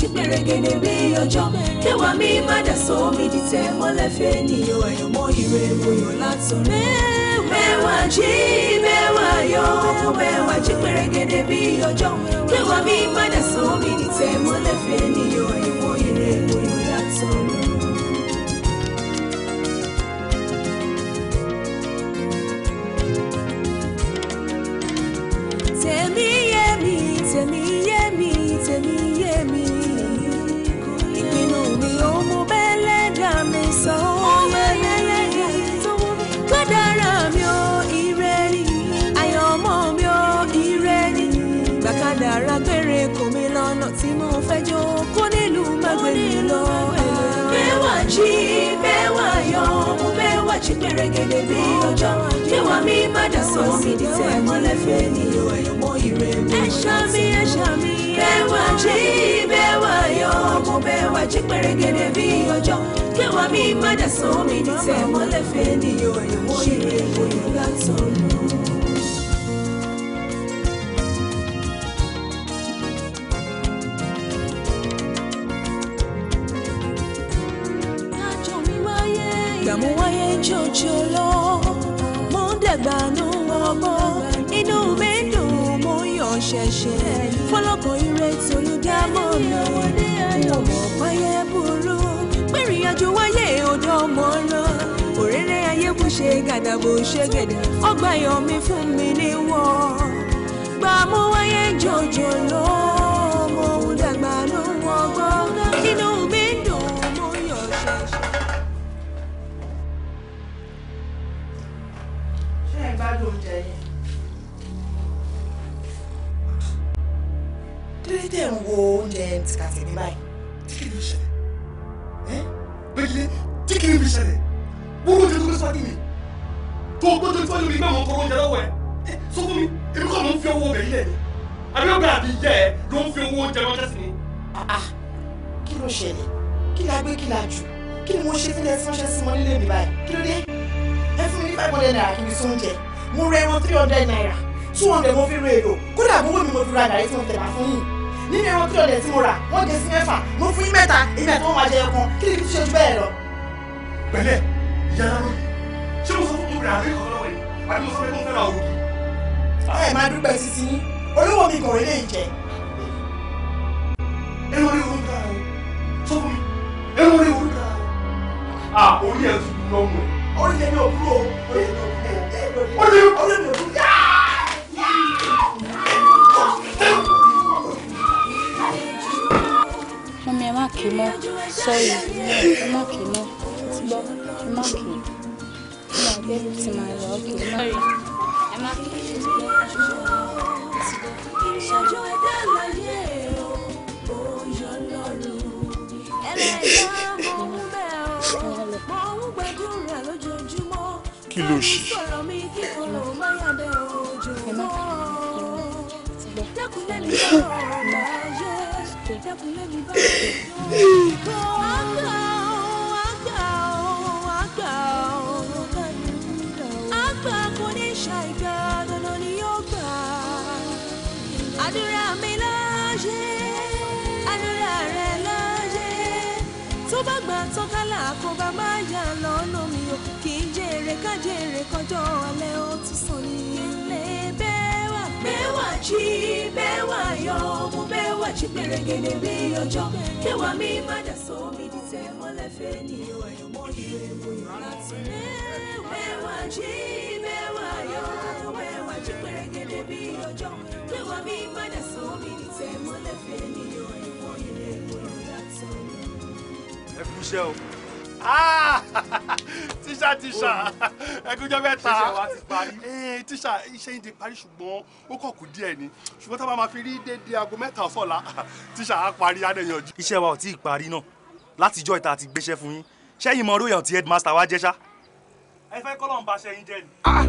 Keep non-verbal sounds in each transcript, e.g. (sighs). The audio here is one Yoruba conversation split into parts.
jí pèrègèdè bí ọjọ́ kẹwàá mi má dà sọ omi dìtẹ̀ mọ́lẹ̀ fẹ́ nìyọ àyànmọ́ ire ròyìn látọ̀rẹ́ mẹ́wàá jí mẹ́wàá yọ mẹ́wàá jí pèrègèdè bí ọjọ́ kẹwàá mi má dà sọ omi dìtẹ̀ mọ́lẹ̀ fẹ́ nìyọ àyànmọ́ ire ròyìn látọ̀rẹ́. tèmi. gẹ́gẹ́dẹ́ bí ọjọ́ kíwà mi má dà sọ sí títẹ̀ mọ́lẹ̀ fẹ́ ní ìwà ìmọ̀ ìrẹ́ mi. ẹ̀ṣà mi ẹ̀ṣà mi bẹ́wà jí bẹ́wà yọ ọmọ bẹ́wà jí pẹ́rẹ́gẹ́dẹ́ bí ọjọ́ kíwà mi má dà sọ mi títẹ̀ mọ́lẹ̀ fẹ́ ní ìwà ìmọ̀ ìrẹ́ mi. jòjò lọ mo ń dẹ̀gbànú ọgbọ́n inú mi ń dùn mo ń yọ̀ ṣẹ̀ṣẹ̀ fọlọ́kọ̀ ire tolúdámọ̀ mi mo mọ̀ páyé burú pẹ̀rìn àjò wáyé odò ọmọ lọ òrèrè ayé kò ṣe gàdà bó ṣe gẹ̀dẹ̀ ọgbà yọ̀ mi fún mi níwọ̀ gbà mo wáyé jòjò lọ. abẹ́gbẹ́ àti ìyá ẹ ló ń fi owó oúnjẹ ránṣẹ́ sí mi. Ah, kí ló ṣẹlẹ̀ kí la gbé kí la jù kí ni mo ṣe sílẹ̀ ránṣẹ́ sí mọ nílé mi báyìí kí ló dé ẹ fún mi ní five hundred naira kí n fi sún oúnjẹ mo rẹ ẹran three hundred naira two hundred mo fi rẹ èlò kódà gbogbo mi mo fi ra gàrí tí mo tẹ̀ máa fún yìí nínú ẹran three hundred tí mo rà wọ́n gé sí mẹ́fà mo fún yín mẹ́ta èmi àti wọn máa jẹ kí ni kí n ṣe ju bẹ́ẹ̀ lọ. pẹ̀lẹ́ ìyá lára ṣé mo sọ fún mi rà á olówó mi kọ̀wé lè jẹ. ẹnu orí orúkọ rẹ sọ fún mi ẹnu orí orúkọ rẹ. a orí ẹ tún lọ mọ. orí ẹ ní òkúrò orí ẹ ní òkúrò orí ẹ ní òkúrò ní òkúrò. mọ́mí ẹ má kì í mọ́ sọ́ọ̀rì ẹ má kì í mọ́ ti gbọ́ ẹ má kì í mọ́ bẹ́ẹ̀ ti máa lọ ọ́ kì í mọ́ ẹ má kì í mọ́ ìrìnàjò kí ló ṣe sọ̀rọ̀ mi ọjọ́ alẹ́ ó tún sàn ní. ilé bẹ́ẹ̀ wà bẹ́ẹ̀ wà jí bẹ́ẹ̀ wà yọ ọmọ bẹ́ẹ̀ wà jí pèrègèdè bí ọjọ́ kẹwàá mi má dà sọ mi di tẹ mọ́lẹ̀ fẹ́ ní ìwà ìmọ̀ ìrè mo yọ láti. bẹ́ẹ̀ wà jí bẹ́ẹ̀ wà yọ ọmọ bẹ́ẹ̀ wà jí pèrègèdè bí ọjọ́ kẹwàá mi má dà sọ mi di tẹ mọ́lẹ̀ fẹ́ ní ìwà ìmọ̀ ìrè mo yọ láti. ẹ (laughs) tíṣà tíṣà ẹkújọ mẹ́ta eh, tíṣà iṣẹ́ yìí ti parí ṣùgbọ́n ó kọ̀ kù díẹ̀ ni ṣùgbọ́n táwọn máa fi rí dédé aago mẹ́ta ọ̀sọ̀la (laughs) tíṣà á parí adéyanjú. iṣẹ́ wa ò tí ì parí náà látijọ́ ìta àti gbéṣẹ́ fún yín ṣẹ́yìn mọ róyàn tí headmaster wa jẹ́ ṣá. ẹ fẹ́ kọ́ lọ́n ba ṣe yín jẹ́ ni. Ah!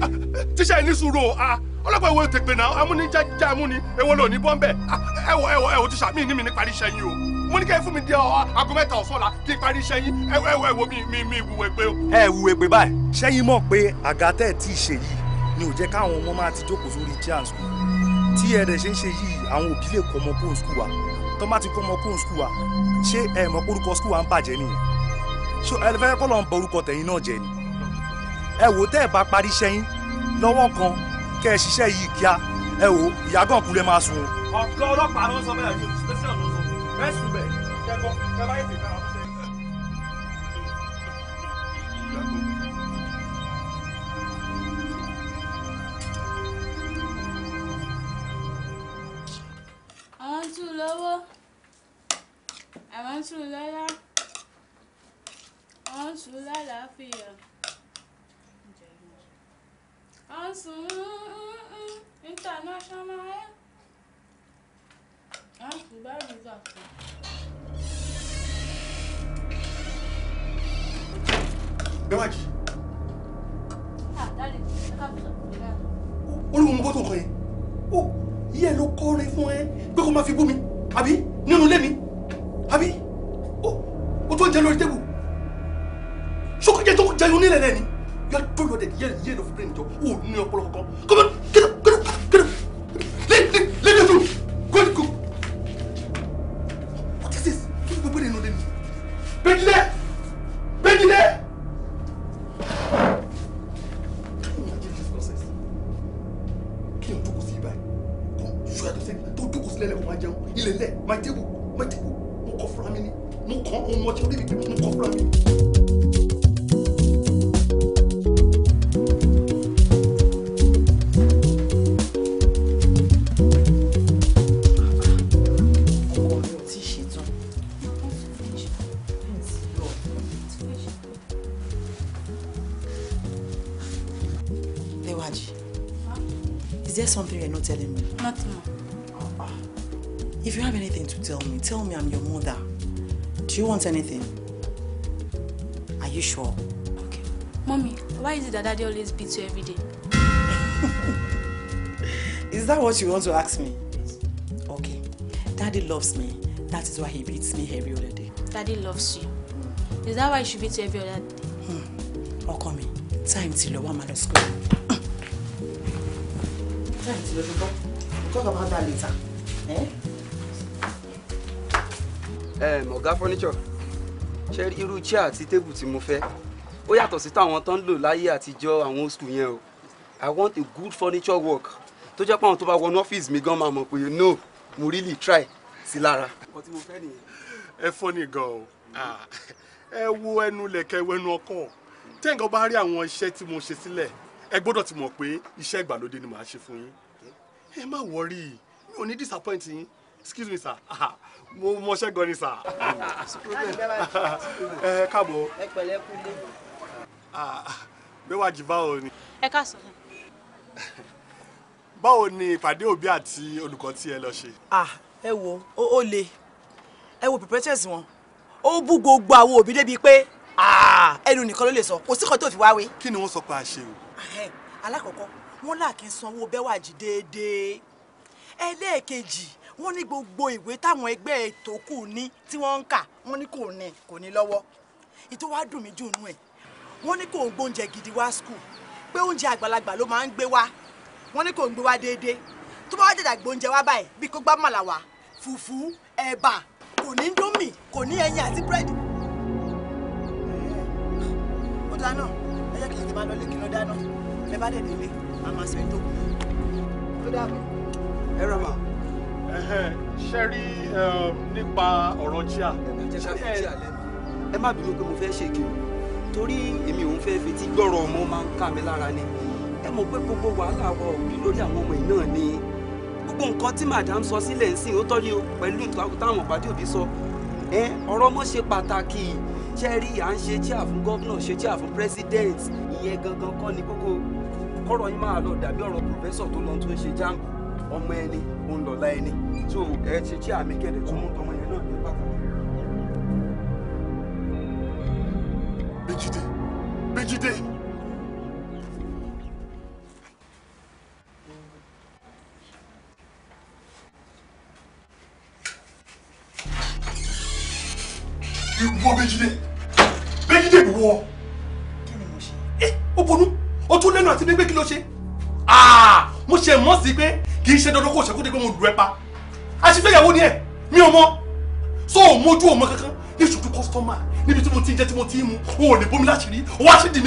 (laughs) tíṣà yìí ní sùúrù o ah! ọlọ́pàá ìwé tèpè náà amúnijẹ́jẹ́ amúni ewolo ní bọ́ńbẹ́ ah! ẹ̀wọ̀ ẹ̀wọ̀ ẹ̀wọ̀ tíṣà mí ní mi ní parí ṣẹ́yìn o mo ní kẹ́ ẹ fún mi di aago mẹ́ta ọ̀sán la kí n parí iṣẹ́ yín ẹ wọ ẹ wo mi mi mi ìwúwo ẹgbẹ́ o. ẹ wù ẹgbẹ́ báyìí. sẹ́yìn mọ̀ pé àga tẹ́ ẹ̀ tí ì ṣe yìí ni ò jẹ́ káwọn ọmọ máa ti jókòó sórí chair school tí ẹ dẹ̀ ṣe ń ṣe yìí àwọn òbí lè kọ́ ọmọ kóhùn school wa tó má ti kọ́ ọmọ kóhùn school wa ṣé ẹ mọ̀ orúkọ school wa ń bàjẹ́ nìyẹn ṣé ẹ fẹ́ kọ́ lọ́n bọ orúkọ tẹ̀yìn náà jẹ ni ẹ wò tẹ́ ẹ bá parí iṣẹ́ yín lọ́wọ́ kan kẹ́ ẹ ṣiṣẹ́ yìí kíá ẹ wò ìyá gànkú lè máa sùn o. ọ̀gá ọlọ́pàá ló ń sọ bẹ́ẹ̀ ní tẹ̀sán ló ẹ sùn bẹ̀ kẹ́kọ̀ọ́ kẹ́ bá yẹ tẹ̀ ká. want anything. Are you sure? Okay. Mommy, why is it that daddy always beats you every day? (laughs) is that what you want to ask me? Okay. Daddy loves me. That is why he beats me every other day. Daddy loves you. Mm. Is that why he should beat you every other day? Hmm. Ọkọ mi, time to lọ wá school. (coughs) Time to lọ ṣùgbọ́n. We'll talk about that later. Eh? Um, eh, Oga Furniture ṣe irú chair àti table tí mo fẹ́ ó yàtọ̀ sí táwọn tó ń lò láyé àtijọ́ àwọn school yẹn o i want a good furniture work tó jẹ́ pé àwọn tó bá wọnú ọ́fíìsì mi gan máa mọ̀ pé no mo really try sí lára. ọkọ tí mo fẹ́ nìyẹn. ẹ fọ́ ni gan o ẹ wo ẹnu lẹ̀kẹ́ wo ẹnu ọkàn tẹ́ǹkan bá rí àwọn iṣẹ́ tí mo ṣe sílẹ̀ ẹ gbọ́dọ̀ ti mọ̀ pé iṣẹ́ ìgbàlódé ni màá ṣe fún yín ẹ má wọrí mi ò ní disappoint yín excuse me sir mo mọṣẹ́ gan ni sir. ẹ káàbọ̀. ẹ pẹ̀lẹ́ kúlé. gbéwájú báwo ni. ẹ káàsọ. báwo ni ìpàdé òbí àti olùkọ́ tí ẹ lọ ṣe. ẹ wo ó le ẹ wo preparators wọn ó bú gbogbo àwọn bi débi pé ẹnu nìkan ló lè sọ kò sí kan tó fi Kini kí ni wọ́n sọ pé a ṣe o. alákọ̀ọ́kọ́ wọn láà kí n sanwó bẹ́wàjì déédéé ẹlẹ́ẹ̀kejì wọ́n ní gbogbo ìwé táwọn ẹgbẹ́ ètò kù ní tí wọ́n ń kà wọ́n ní kò ní kò ní lọ́wọ́ ètò wa dùn mí jùnú ẹ̀ wọ́n ní kò ń gbóúnjẹ gidi wá skul pé oúnjẹ àgbàlagbà ló máa ń gbé wá wọ́n ní kò ń gbé wá déédéé tó bá wá jàjà gbóúnjẹ wá báyìí bí kò gbá màlàwà fùfú ẹ̀bà kò ní dómì kò ní ẹyin àti búrẹ́dì. ó dáná ẹ jẹ́ kí n ti máa lọ lé kí n lọ dáná ẹ bá dẹ̀ délé màá máa sọ ó dàbọ̀ ẹ rọ̀ mọ́ ṣe rí um, nípa ọ̀rọ̀ chia. ẹ má bínú pé mo fẹ́ ṣèké o torí èmi òun fẹ́ fi tí gbọ́rọ̀ ọmọ máa ń ká mi lára ni ẹ mọ̀ pé gbogbo wàhálà wa òbí lórí àwọn ọmọ yìí náà ni gbogbo nǹkan tí madam sọ sílẹ̀ ń sìn ó tọ́jú pẹ̀lú táwọn pàdé òbí sọ ọ̀rọ̀ ọmọ ṣe pàtàkì ṣe rí à ń ṣe chair fún gómìnà ṣe chair fún president ìyẹn gangan kọ́ ni kókó kọ́rọ̀ yín máa lọ dàbí ọ̀rọ̀ pòfẹ́sọ̀ tó lọ tó ń ṣe ọmọ ẹni òun lọ̀la ẹni tó ẹ ṣe tí àmì kẹ̀dẹ̀ tó mú tọmọ yẹn náà ní pàtàkì. Béjídé Béjídé. Ìwọ Béjídé Béjídé ìwọ. Kí ni mo ṣe? Ẹ eh, ó bonú ó tún lẹ́nu àti gbégbé kí ló ṣe? Ah! mo ṣe mọ̀ sí pé kì í ṣe dandan kó ṣẹ́kù pé mo lù ẹ́ pa aṣífẹ́yàwó ni ẹ̀ mi ò mọ̀ so ò mójú ò mọ̀ kankan ní ìṣojú kọ́sítọ́mà níbi tí mo ti ń jẹ́ tí mo ti ń mu o ò lè bomi láṣìírí o wá sí dì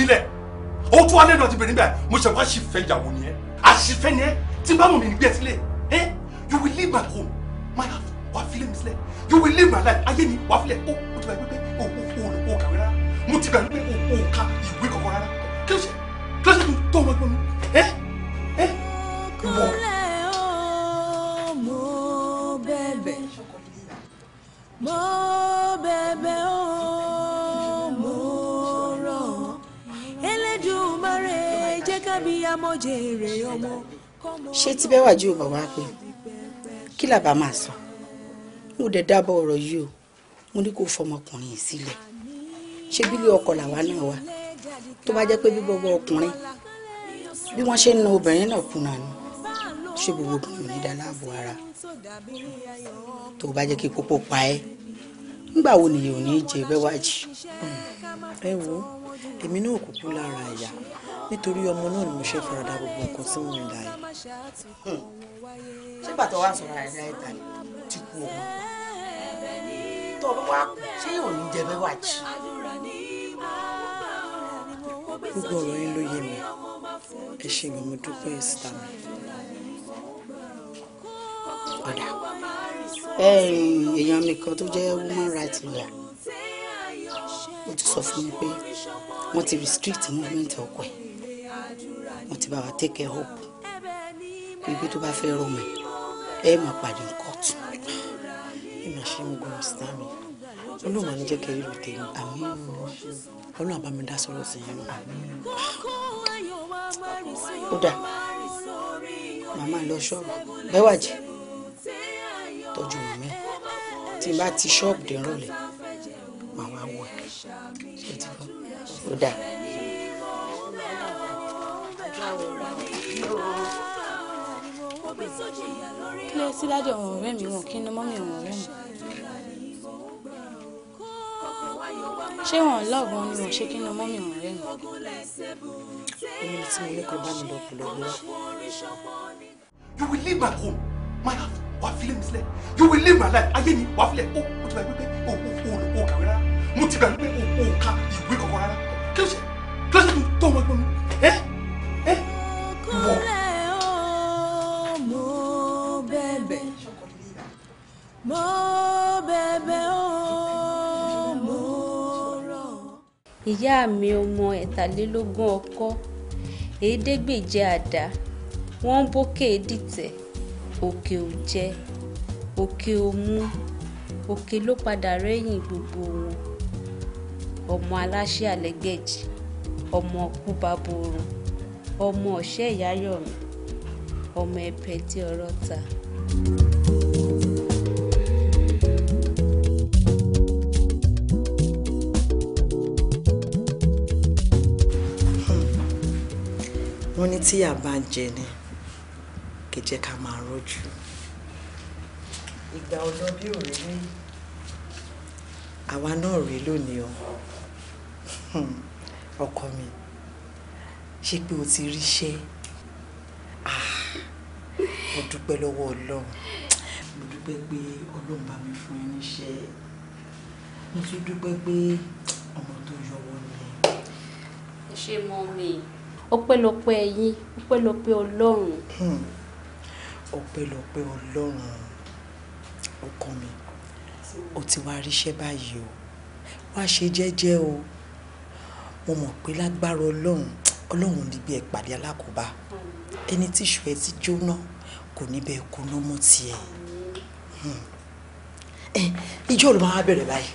o tún alẹ́ náà ti bẹ̀rẹ̀ níbẹ̀ mo ṣe wá aṣífẹ́yàwó ni ẹ̀ aṣífẹ́ ni ẹ̀ tí bá mọ̀ mi nígbẹ́ sílẹ̀ ẹ̀ you will leave my home my house wà á filẹ̀ mi sílẹ̀ you will leave my life ayé mi wà á o mo ti bẹ̀rẹ̀ pé o o o kàwé rárá mo ti bẹ̀rẹ̀ pé o o ka ìwé kọ̀ọ̀kan rárá kí ló ṣe kí ló ṣe tó ọmọ ẹgbẹ́ mi ẹ̀ ṣé tí bẹ́ẹ̀ wájú ò bá wá pé kí làbá máa sọ mo dẹ̀ dábọ̀ ọ̀rọ̀ yìí o mo ní kó fọmọkùnrin yìí sílẹ̀ ṣé bílé ọkọ làwa náà wà tó bá jẹ́ pé bíbọ́bọ́ ọkùnrin bí wọ́n ṣe ń na obìnrin náà kùnà ni ṣé gbogbo obìnrin ní dá ara tó bá jẹ́ kí kókó pa ẹ́ nígbà wo nìyẹn ò ní jẹ bẹ́wàjì. ẹ wo èmi náà kúkú lára àyà nítorí ọmọ náà ni mo ṣe farada gbogbo nǹkan tí mò ń dà yìí. ṣé bàtọ̀ wá sọ̀rọ̀ àìdá ìta ti kú ọmọ tó ọmọ wa ṣé yóò ní jẹ bẹ́ẹ̀ jì. gbogbo ọ̀rọ̀ yín ló yé mi ẹ ṣe mi mo dúpẹ́ síta mi. èèyàn mi kan tó jẹ́ woman rights lawyer ó ti sọ fún mi pé wọ́n ti restrict movement ọkọ ẹ̀ wọ́n ti bá wa take hope ibi tó bá fẹ́ rọmọ ẹ ẹ máa pàdé kóòtù ẹ máa ṣe ń gun ọ̀sán mi olóòmọ ní jẹ́ kẹrí ìlú tèmi àmì ọlọ́run àbá mi dá sọ́rọ̀ sí yín ó dà màmá lọ ṣọ́ọ̀bù Bẹ́wàjì tọ́jú mi tí n bá ti ṣọ́ọ̀bù dé rọ̀lẹ́ màá wọ̀ ẹ́ ṣe ti fọ́ ó dà ilé sídájọ àwọn ọ̀rẹ́ mi wọn kí ni mọ́mí àwọn ọ̀rẹ́ mi ṣé wọn lọ́ọ̀gùn ni wọn ṣe kí ni mọ́mí àwọn ọ̀rẹ́ mi. omi tí mo ní kò bá mi lọ́pọ̀lọ́ gbọ́. you will leave my home my house wà á filẹ̀ mi sílẹ̀ you will leave my life ayé mi wà á filẹ̀ o oh, o ti bá mi pé o oh, o oh, o o kàwé rárá mo ti bá mi pé o o ka ìwé kankan rárá kí ló ṣe kí ló ṣe tó ọmọ ẹ̀gbọ́n mi. mo bẹ̀bẹ̀ o mo rọ̀. ìyá mi ọmọ ẹ̀tàlélógún ọkọ èédégbèje àdá wọ́n ń bókè dìtẹ̀ òkè ò jẹ òkè ò mú òkè ló padà rẹ́yìn gbogbo wọn ọmọ aláṣẹ àlẹ́gbẹ̀jì ọmọ kúbaboro ọmọ ọ̀ṣẹ́ ìyáyọ̀mí ọmọ ẹ̀pẹ̀ tí ọ̀rọ̀ ta. thank you tí a bá jẹ ni kì í jẹ́ ká máa rọ́jú. ìgbà ọjọ́ bí òrèlè àwa náà rèé lónìí o (laughs) ọkọ mi ṣé pé o ti ríṣẹ́ ah, mo dúpẹ́ lọ́wọ́ ọlọ́run mo dúpẹ́ pé ọlọ́run bá mi fún ẹ níṣẹ́ mo tún dúpẹ́ pé ọmọ tó yọwọ́ ni. ṣé mọ́ mi ọpẹ́lọpẹ́ yín ọpẹ́lọpẹ́ Ọlọ́run. Hmm. ọpẹ́lọpẹ́ Ọlọ́run ọkọ mi o ti wá ríṣẹ́ báyìí o wá ṣe jẹ́jẹ́ o mo mọ̀ pé lágbára Ọlọ́run Ọlọ́run ní bí ẹ pàdé alákòóbá ẹni tíṣù ẹ ti jóná kò ní bẹ́ẹ̀ kó ná mọ́ tiẹ̀ ìjọ hmm. eh, ló máa bẹ̀rẹ̀ báyìí.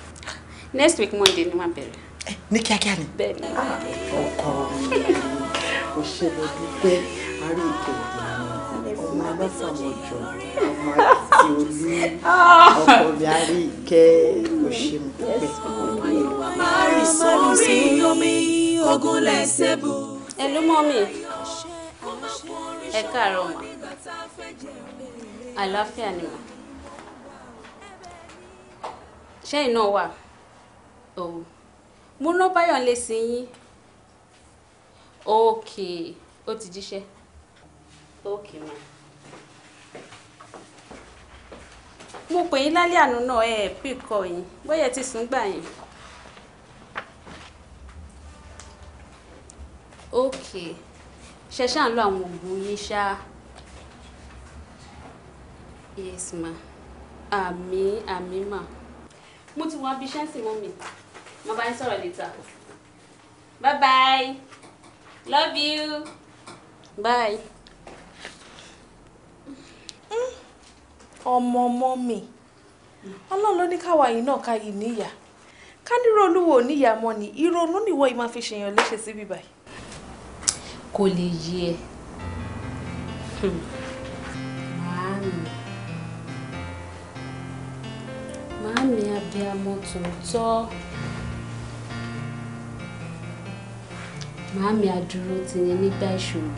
next week monday ni wọ́n bẹ̀rẹ̀. Eh, ní kíákíá ni. bẹ́ẹ̀ ni. Ah, ọkọ mi òṣèlú dúpẹ́ àárẹ̀ ìkẹyìn ọmọ aláfàmọjọ ọmọ àti olú ọkọ mi àárẹ̀ ìkẹ òṣèlú dúpẹ́. ẹ ló mọ mi ẹ káàárọ̀ mà àlàáfíà ni mà ṣẹ́yìn náà wà mo ná báyọ̀ ń lé yín okay o ti jíṣẹ́. okay ma. mo pè yín lálẹ́ àná náà ẹ ẹ̀ pè kọ́ yín bóyá ẹ ti sùn gbà yín. okay ṣe ṣáà ń lo àwọn oògùn yín ṣá. yes ma àmì àmì mà mo ti wọ abiṣẹ́ sí mọ́ mi mo bá ń sọ̀rọ̀ later bye bye. Love you. Bye. Ọmọ ọmọ mi, ọlọ́run ló ní káwa yìí náà ká yìí níyà. Ká nírò olúwo níyà mọ́ ni, ìrònú nìwọ yìí máa fi ṣèyàn léṣe síbí báyìí. Kò lè yé ẹ. Màámi. Màámi abiyamọ tòótọ́. màámi àdúró ti ní nígbà ìṣòro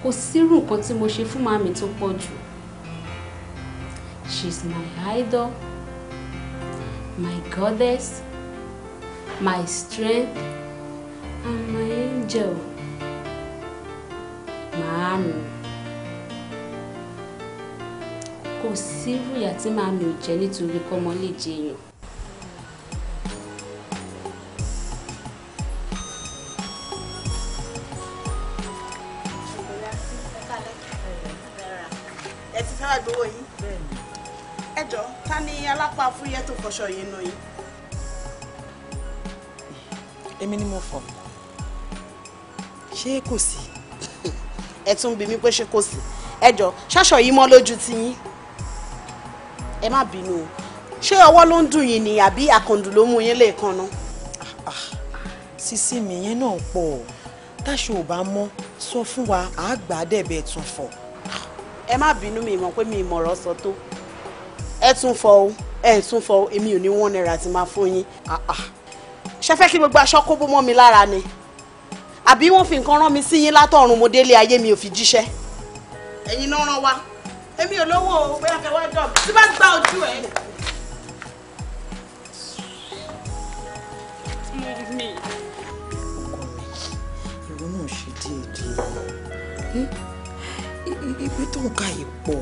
kò sírù nǹkan tí mo ṣe fún màámi tó pọ̀ jù she's my idol my goddess my strength and my angel màámi kò sírù ìyà tí màámi ò jẹ nítorí kọ́mọ lè jẹyàn. tún fọṣọ yìí nù yín. èmi ni mo fọ ṣé kò sí. ẹ tún ń bi mí pé ṣé kò sí ẹ jọ ṣaṣọ yìí mọ́ lójú tiyín ẹ má bínú o ṣé ọwọ́ ló ń dùn yín ni àbí àkàndù ló mú yín lẹ́ẹ̀kan ná. sísí mi yẹn náà pọ̀ táṣọ ò bá mọ́ sọ fún wa àgbà dẹ̀bẹ̀ tún fọ̀. ẹ má bínú mi mọ̀ pé mi ìmọ̀ràn sọ tó ẹ tún fọ o ẹ̀ tún fọ èmi ò ní wọ́n náírà ti máa fún yín ṣe fẹ́ kí gbogbo aṣọ kó bó mọ́ mi lára ni àbí wọ́n fi nǹkan rán mi sí yín látọ̀run mo délé ayé mi ò fi jíṣẹ́ ẹ̀yin náà rán wa èmi ò lówó o bóyá fẹ́ wá tí bá gba ojú ẹ̀. ìwọ náà ṣe díẹ̀díẹ̀ ìgbé tó ń ka yìí pọ̀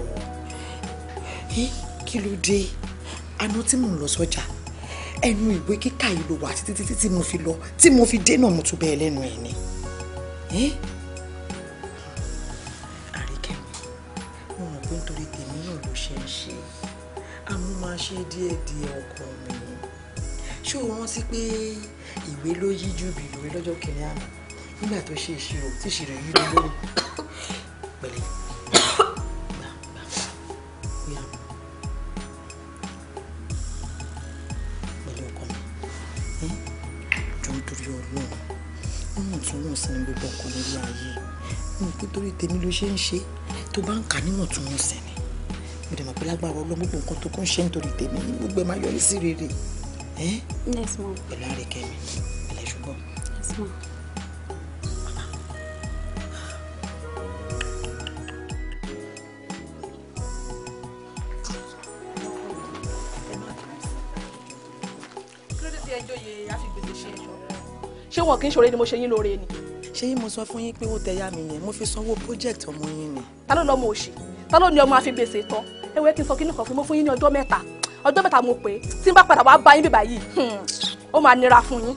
kí ló dé àná tí mò ń lọ sọ́jà ẹnu ìwé kíkà yìí ló wà títí títí tí mo fi lọ tí mo fi dé náà mo tún bẹ́ẹ̀ lẹ́nu ẹ̀ ni. àríkẹ́ mo mọ̀ pé nítorí tèmi náà ló ṣe ń ṣe àmọ́ máa ṣe díẹ̀díẹ̀ ọkọ mi ṣé o rántí pé ìwé ló yí jù bí ìwé lọ́jọ́ kìnìún àná nígbà tó ṣe ìṣirò tí ìṣirò yí lórí pẹ̀lẹ́. níwọ̀ntúnwọ̀nsì ní gbogbo ọkọ̀ lórí ayé mo kí torí tèmi ló ṣe ń ṣe tó bá ń kà níwọ̀ntúnwọ̀nsì ni mo dẹ̀ mọ̀ pé lágbára ọlọ́ gbogbo nǹkan tó kún ṣe nítorí tèmi ní gbogbo ẹ̀ máa yọrí sí rere ẹ́ pẹ̀lú àríkẹ́ mi pẹ̀lẹ́ ṣùgbọ́n ṣé wọn kì í ṣoore ni mo ṣe yín lóore ni. ṣé yín mo sọ fún yín pé ó tẹ ya mi yẹn mo fi sanwó project ọmọ yín ni. ta ló lọmọ òṣì ta ló ní ọmọ àfi gbèsè tán ẹ wẹ́ kí n sọ kí nìkan fún mo fún yín ní ọjọ́ mẹ́ta ọjọ́ mẹ́ta mo pé tí n bá padà wá bá yín bíbá yìí hmm, ó máa nira fún yín.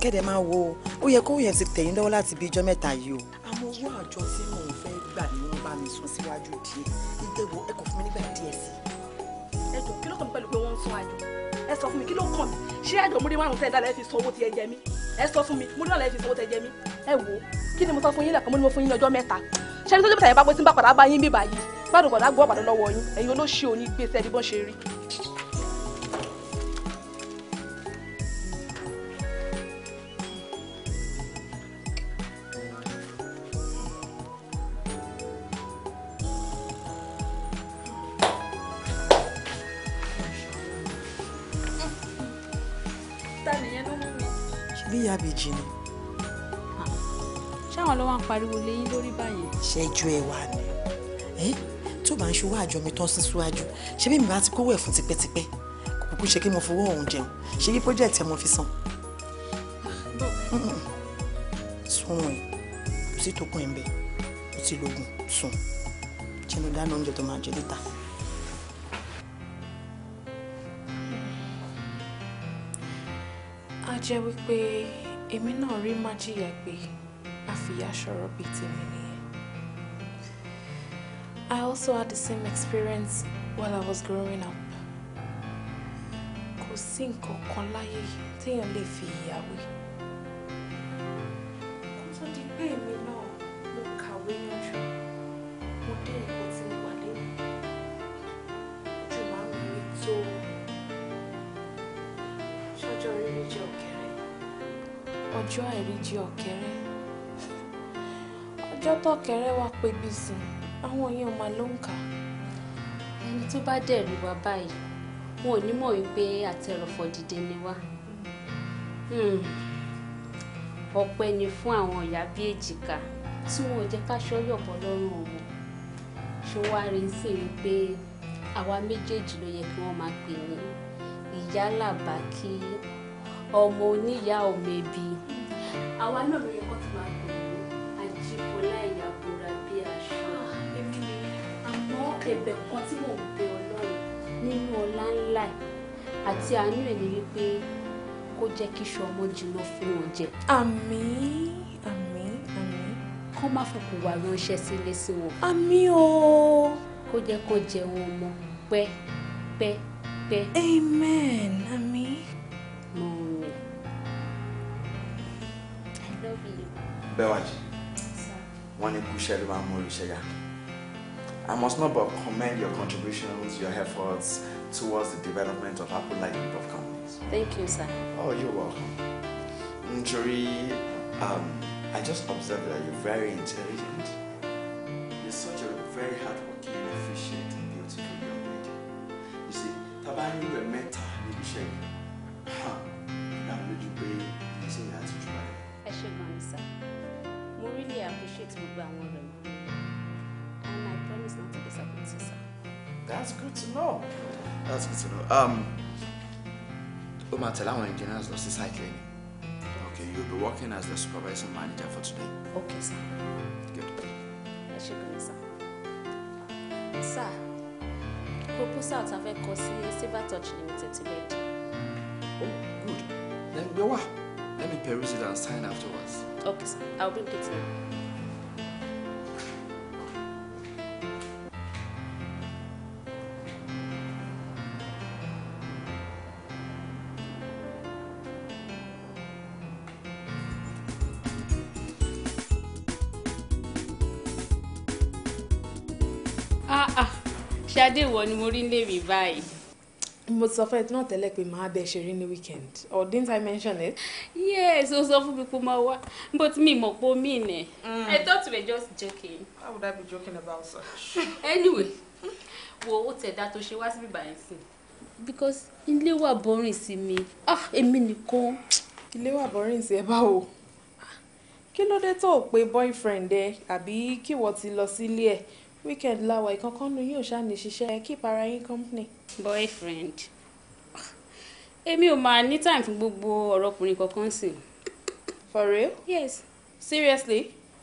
kẹ́dẹ̀ máa wo ó yẹ kó yẹn ti tẹ̀yìn lọ́wọ́ láti bí ijọ́ mẹ́ta yìí o. àmọ́ owó àjọ tí mò ń fẹ́ gbà ni wọ́n bá mi sún síwájú díẹ̀ ìgbéwò ẹ kò fún mi nígbà díẹ̀ sí i. ẹ jọ kí ló kàn mí pẹ̀lú pé wọ́n ń sún àjọ ẹ sọ fún mi kí ló kàn mí ṣé àjọ múdé márùn tẹ́ẹ̀dá lẹ́ẹ̀ fi san owó tí ẹ jẹ mí ẹ sọ fún mi múdé náà lẹ́ẹ̀ fi san owó tí ẹ jẹ mí ẹ wò ó kí ni mo sọ fún yín lẹ́ẹ̀kan mo ní mo fún yín lọ́jọ́ mẹ́ta ṣé ẹni tó jẹ́ bàtà yẹn bá pé tí ń bá padà bá yín bíbá yìí gbádùn kọ̀dá gbọ́ padà lọ́wọ́ yín ẹ̀yin olóṣèlú ní gbèsè bí wọ́n ṣe rí. pariwo lẹ́yìn lórí báyìí. ṣẹ́jú ẹ wà ní tó bá ń ṣòwò àjọ mi tán sí síwájú ṣé bí mi bá ti kówó ẹ̀ fún tipẹ́tipẹ́ kò kúkú ṣe kí mo fowó ọ̀hún jẹun ṣe bí project ẹ mo fi san. Ah, sùn ẹ kò sí tókun ẹ̀ ń bẹ̀ kò sí lóògùn sùn ṣe ló dáná oúnjẹ tó máa jẹ níta. a jẹ́ wípé èmi náà rí májíyà pé àfìyà sọ̀rọ̀ bíi tèmi nìyẹn. I also had the same experience while I was growing up. Kò sí nǹkan kan láyé téèyàn lè fi ìyà wé. Kó tó di pé èmi náà mo mi tó ṣọjọ́ rírí jẹ́ ọ̀kẹ́rẹ́. Ọjọ́ àìrí jẹ́ ọjọ́ tọ̀kẹ́rẹ́ wá pé bísí àwọn èèyàn máa ló ń kà. ẹni tó bá dẹ̀ rí wa báyìí wọn ò ní mọ̀ wípé àtẹrọ̀fọ̀ dìde ni wá. Hmm. ọpẹ́ ni fún àwọn ìyá bí èjìká tí wọn ò jẹ́ káṣọ yọ̀bọ̀ lọ́rùn ọ̀wọ́ ṣó wá rí sí wípé àwa méjèèjì ló yẹ kí wọ́n máa pè ní ìyá làbákí ọmọ oníyàá ọmọ àwa náà ló Ọláìyá bora bí aṣọ. Ah, àmọ́ ẹ̀bẹ̀ kan tí mò ń bẹ Ọlọ́run nínú ọlá ńlá ẹ̀ àti àánú ẹ̀ ni wípé kó jẹ́ kí iṣu ọmọ jìnnà fún wọn jẹ. Àmín àmín àmín. Kọ́ má fòkù wà ránṣẹ́ sílé sí wọn. Àmín o. Kó jẹ́ kó jẹ wọn mọ́ pẹ́ pẹ́ pẹ́. Amen àmín. Mo wọ́n ní kúṣẹ́ ló máa ń mú I must not but commend your contributions, your efforts towards the development of Apple Light of Companies. Thank you, sir. Oh, you're welcome. Njuri, um, I just observed that you're very intelligent. máa tẹ̀lé our engineers to sí site lẹ́nu. okay you'll be working as the supervisor manager for today. okay sir. good. ẹ ṣe kàn sir. sá proposal ta fẹ́ kọ sí silver touch limited ti oh good then gbé wá let me peruse it and sign afterwards. okay sir i bring it now. birthday wọ ni mo rí lè rí báyìí. mo sọ fún ẹ tí náà tẹ́lẹ̀ pé màá bẹ ṣeré ní weekend or didn't I mention it. yes o sọ fún mi pé máa wá bó ti mi mọ̀ pé omi nẹ̀. Mm. I thought we were just joking. Why would I be joking about such? (laughs) anyway wo ó tẹ̀dá tó ṣe wá síbí báyìí sí because ilé wà boring sí mi ah èmi nìkan. ilé wà boring sí ẹ báwo kí ló dé tó o pé boyfriend ẹ àbí kíwọ ti lọ sílé ẹ weekend láwa ìkankan nu yóò ṣàní ṣiṣẹ́ keep ara yín company. boyfriend èmi ò máa ní time fún gbogbo ọ̀rọ̀ ọkùnrin kankan sí. for real. yes. seriously.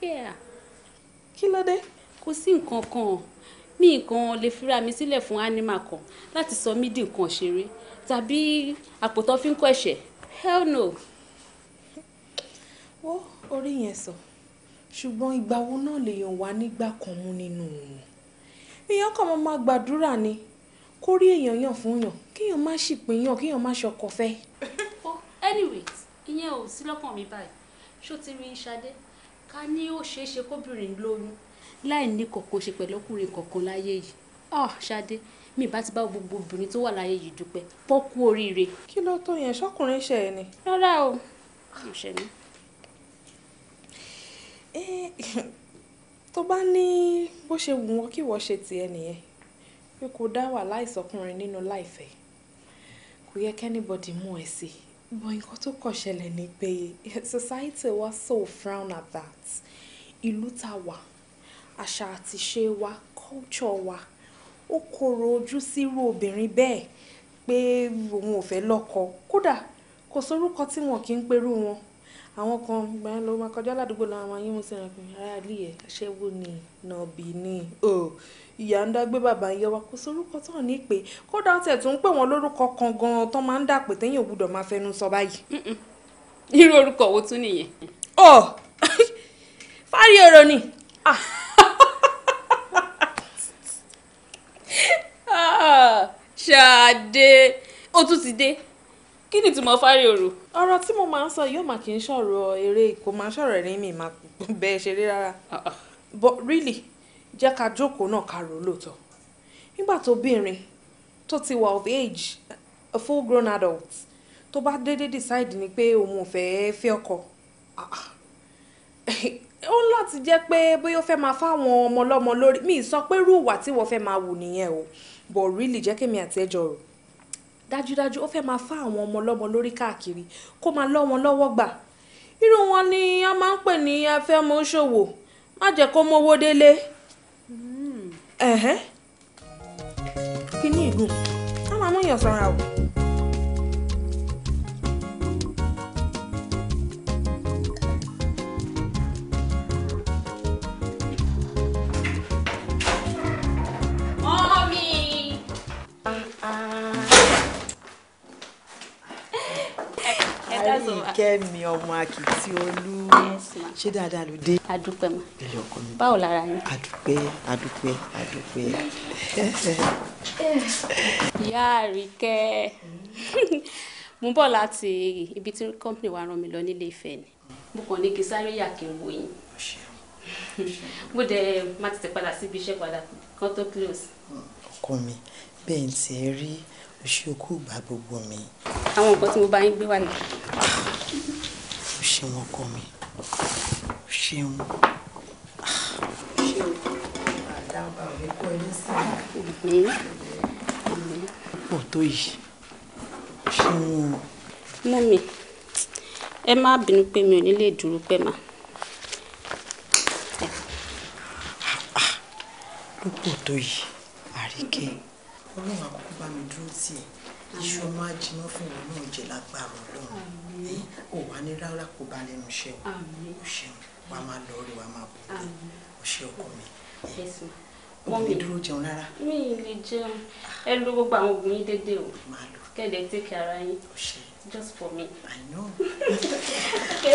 yeah. kí ló dé. kò sí nǹkan kan mi nǹkan lè fira mi sílẹ̀ fún animal kan láti sọ mí di nǹkan ṣeré tàbí àpò fi ń kọ ẹ̀ṣẹ̀ hell no. wọ́n orí yẹn sọ. So ṣùgbọ́n ìgbà wo náà lèèyàn wà nígbà kan mú nínú wọn èèyàn kàn máa máa gbàdúrà ni kó rí èèyàn yàn fún yàn kéèyàn má ṣìpínyàn kéèyàn má ṣọkọ fẹ́. anyway ìyẹn ò sí lọ́kàn mi báyìí ṣó ti rí ṣadé ká ní ó ṣeé ṣe kóbìnrin lóyún láì ní kòkó ṣe pẹ̀lú ọkùnrin kankan láyé yìí ah ṣadé mi bá ti bá gbogbo obìnrin tó wà láyé yìí dúpẹ́ pọ́kú oríire. kí ló tó yẹn ṣọkùnrin ṣe é ni. rárá o kò ṣe mí. (laughs) tó bá ní bó ṣe wù wọ́n kí wọ́n ṣe tiẹ̀ nìyẹn pé kò dá wà láìsọkùnrin nínú láìfẹ́ kò yẹ kẹ́nìbọ̀dì mú ẹ sí bọ̀ nǹkan tó kàn ṣẹlẹ̀ ni pé society wa so frown at that ìlú tá wà àṣà àti ṣe wa culture wa ó korò ojú sírú obìnrin bẹ́ẹ̀ pé òun ò fẹ́ lọ́kọ kódà kò sórúkọ tí wọn kì í perú wọn àwọn kan ìgbà yẹn ló máa kọjá ládùúgbò làwọn máa yín mú sí ẹ̀rọ ara ilé ẹ̀ aṣẹ́wó ni nàbì ni o ìyá ń dágbé bàbá yẹ wa kó sorúkọ tán ní pé kódà ọ̀tẹ̀ tó ń pè wọ́n lórúkọ kan gan-an tán máa ń dà pé téèyàn gbúdọ̀ máa fẹnu sọ báyìí. irú orúkọ wo tún nìyẹn. ọ fárí ọ̀rọ̀ ni. Ah. (laughs) Ah, ṣáà dé ó tún ti dé kí ni ìtumọ̀ fáre òru. ọ̀rọ̀ tí mo máa ń sọ yóò máa kì í ṣọ̀rọ̀ eré kò máa ṣọ̀rọ̀ ẹ̀rín mi máa bẹ́ẹ̀ ṣeré rárá but really jẹ́ ká jókòó náà ká rò lóòótọ́ nígbà tó bìnrin tó ti wà of age a full grown adult tó bá déédéé decide ni pé òun ò fẹ́ fẹ́ ọkọ (laughs) ó láti jẹ́ pé bóyá ó fẹ́ máa fáwọn ọmọ ọlọ́mọ lórí mi sọ pé irú ìwà tí wọ́n fẹ́ máa wù nìyẹn o but really jẹ́ kémi àti ẹjọ́ rò dájúdájú ó fẹ́ máa fá àwọn ọmọ ọlọ́mọ lórí káàkiri kó máa lọ́ wọn lọ́wọ́ gbà irú wọn ni a máa ń pè ní afẹ́mọ́ṣòwò má jẹ́ kó mówó délé. Hmm. kí ni ìgùn á máa mú èèyàn sanra o. Kẹ́mi ọmọ Akìtì Olú ṣé dáadáa ló dé. adúpẹ́ ma báwo lára yín. adúpẹ́ adúpẹ́ adúpẹ́. ìyá àríkẹ́ mo bọ̀ láti ibi tí company wa rán mi lọ nílé Ifẹ̀ ni mo kàn ní kí sáré yà kí n yín mo dẹ̀ má ti tẹ̀ padà síbi iṣẹ́ padà kan tó close. ọkọ mi bẹ́ẹ̀ ń tiẹ̀ rí oṣù òkú gbà gbogbo mi. àwọn nǹkan tí mo bá yín gbé wá nìyẹn ṣeun ọkọ mi ṣeun. ṣeun àdábà rẹ kọ ẹni sí ipò tó yìí ṣeun. mọ́mi ẹ má bínú pé mi ò ní lè dúró pẹ́ mà. lópò tó yìí àríkẹ́. ọlọ́run àkókò bá mi dúró tiẹ̀ iṣu ọmọ ajiná fún ìwọ náà jẹ lágbára Ọlọ́run ní òwà ní rárá kó ba lẹ́nu iṣẹ́ o ṣeun wàá máa lọ rí wàá máa bọ o ọkọ mi wọn mi dúró jẹun rárá. mi ì lè jẹun ẹ lo gbogbo àwọn oògùn yín déédéé o kẹ́lẹ̀ tẹ́kì ara yín just for me. I know. (laughs) ṣé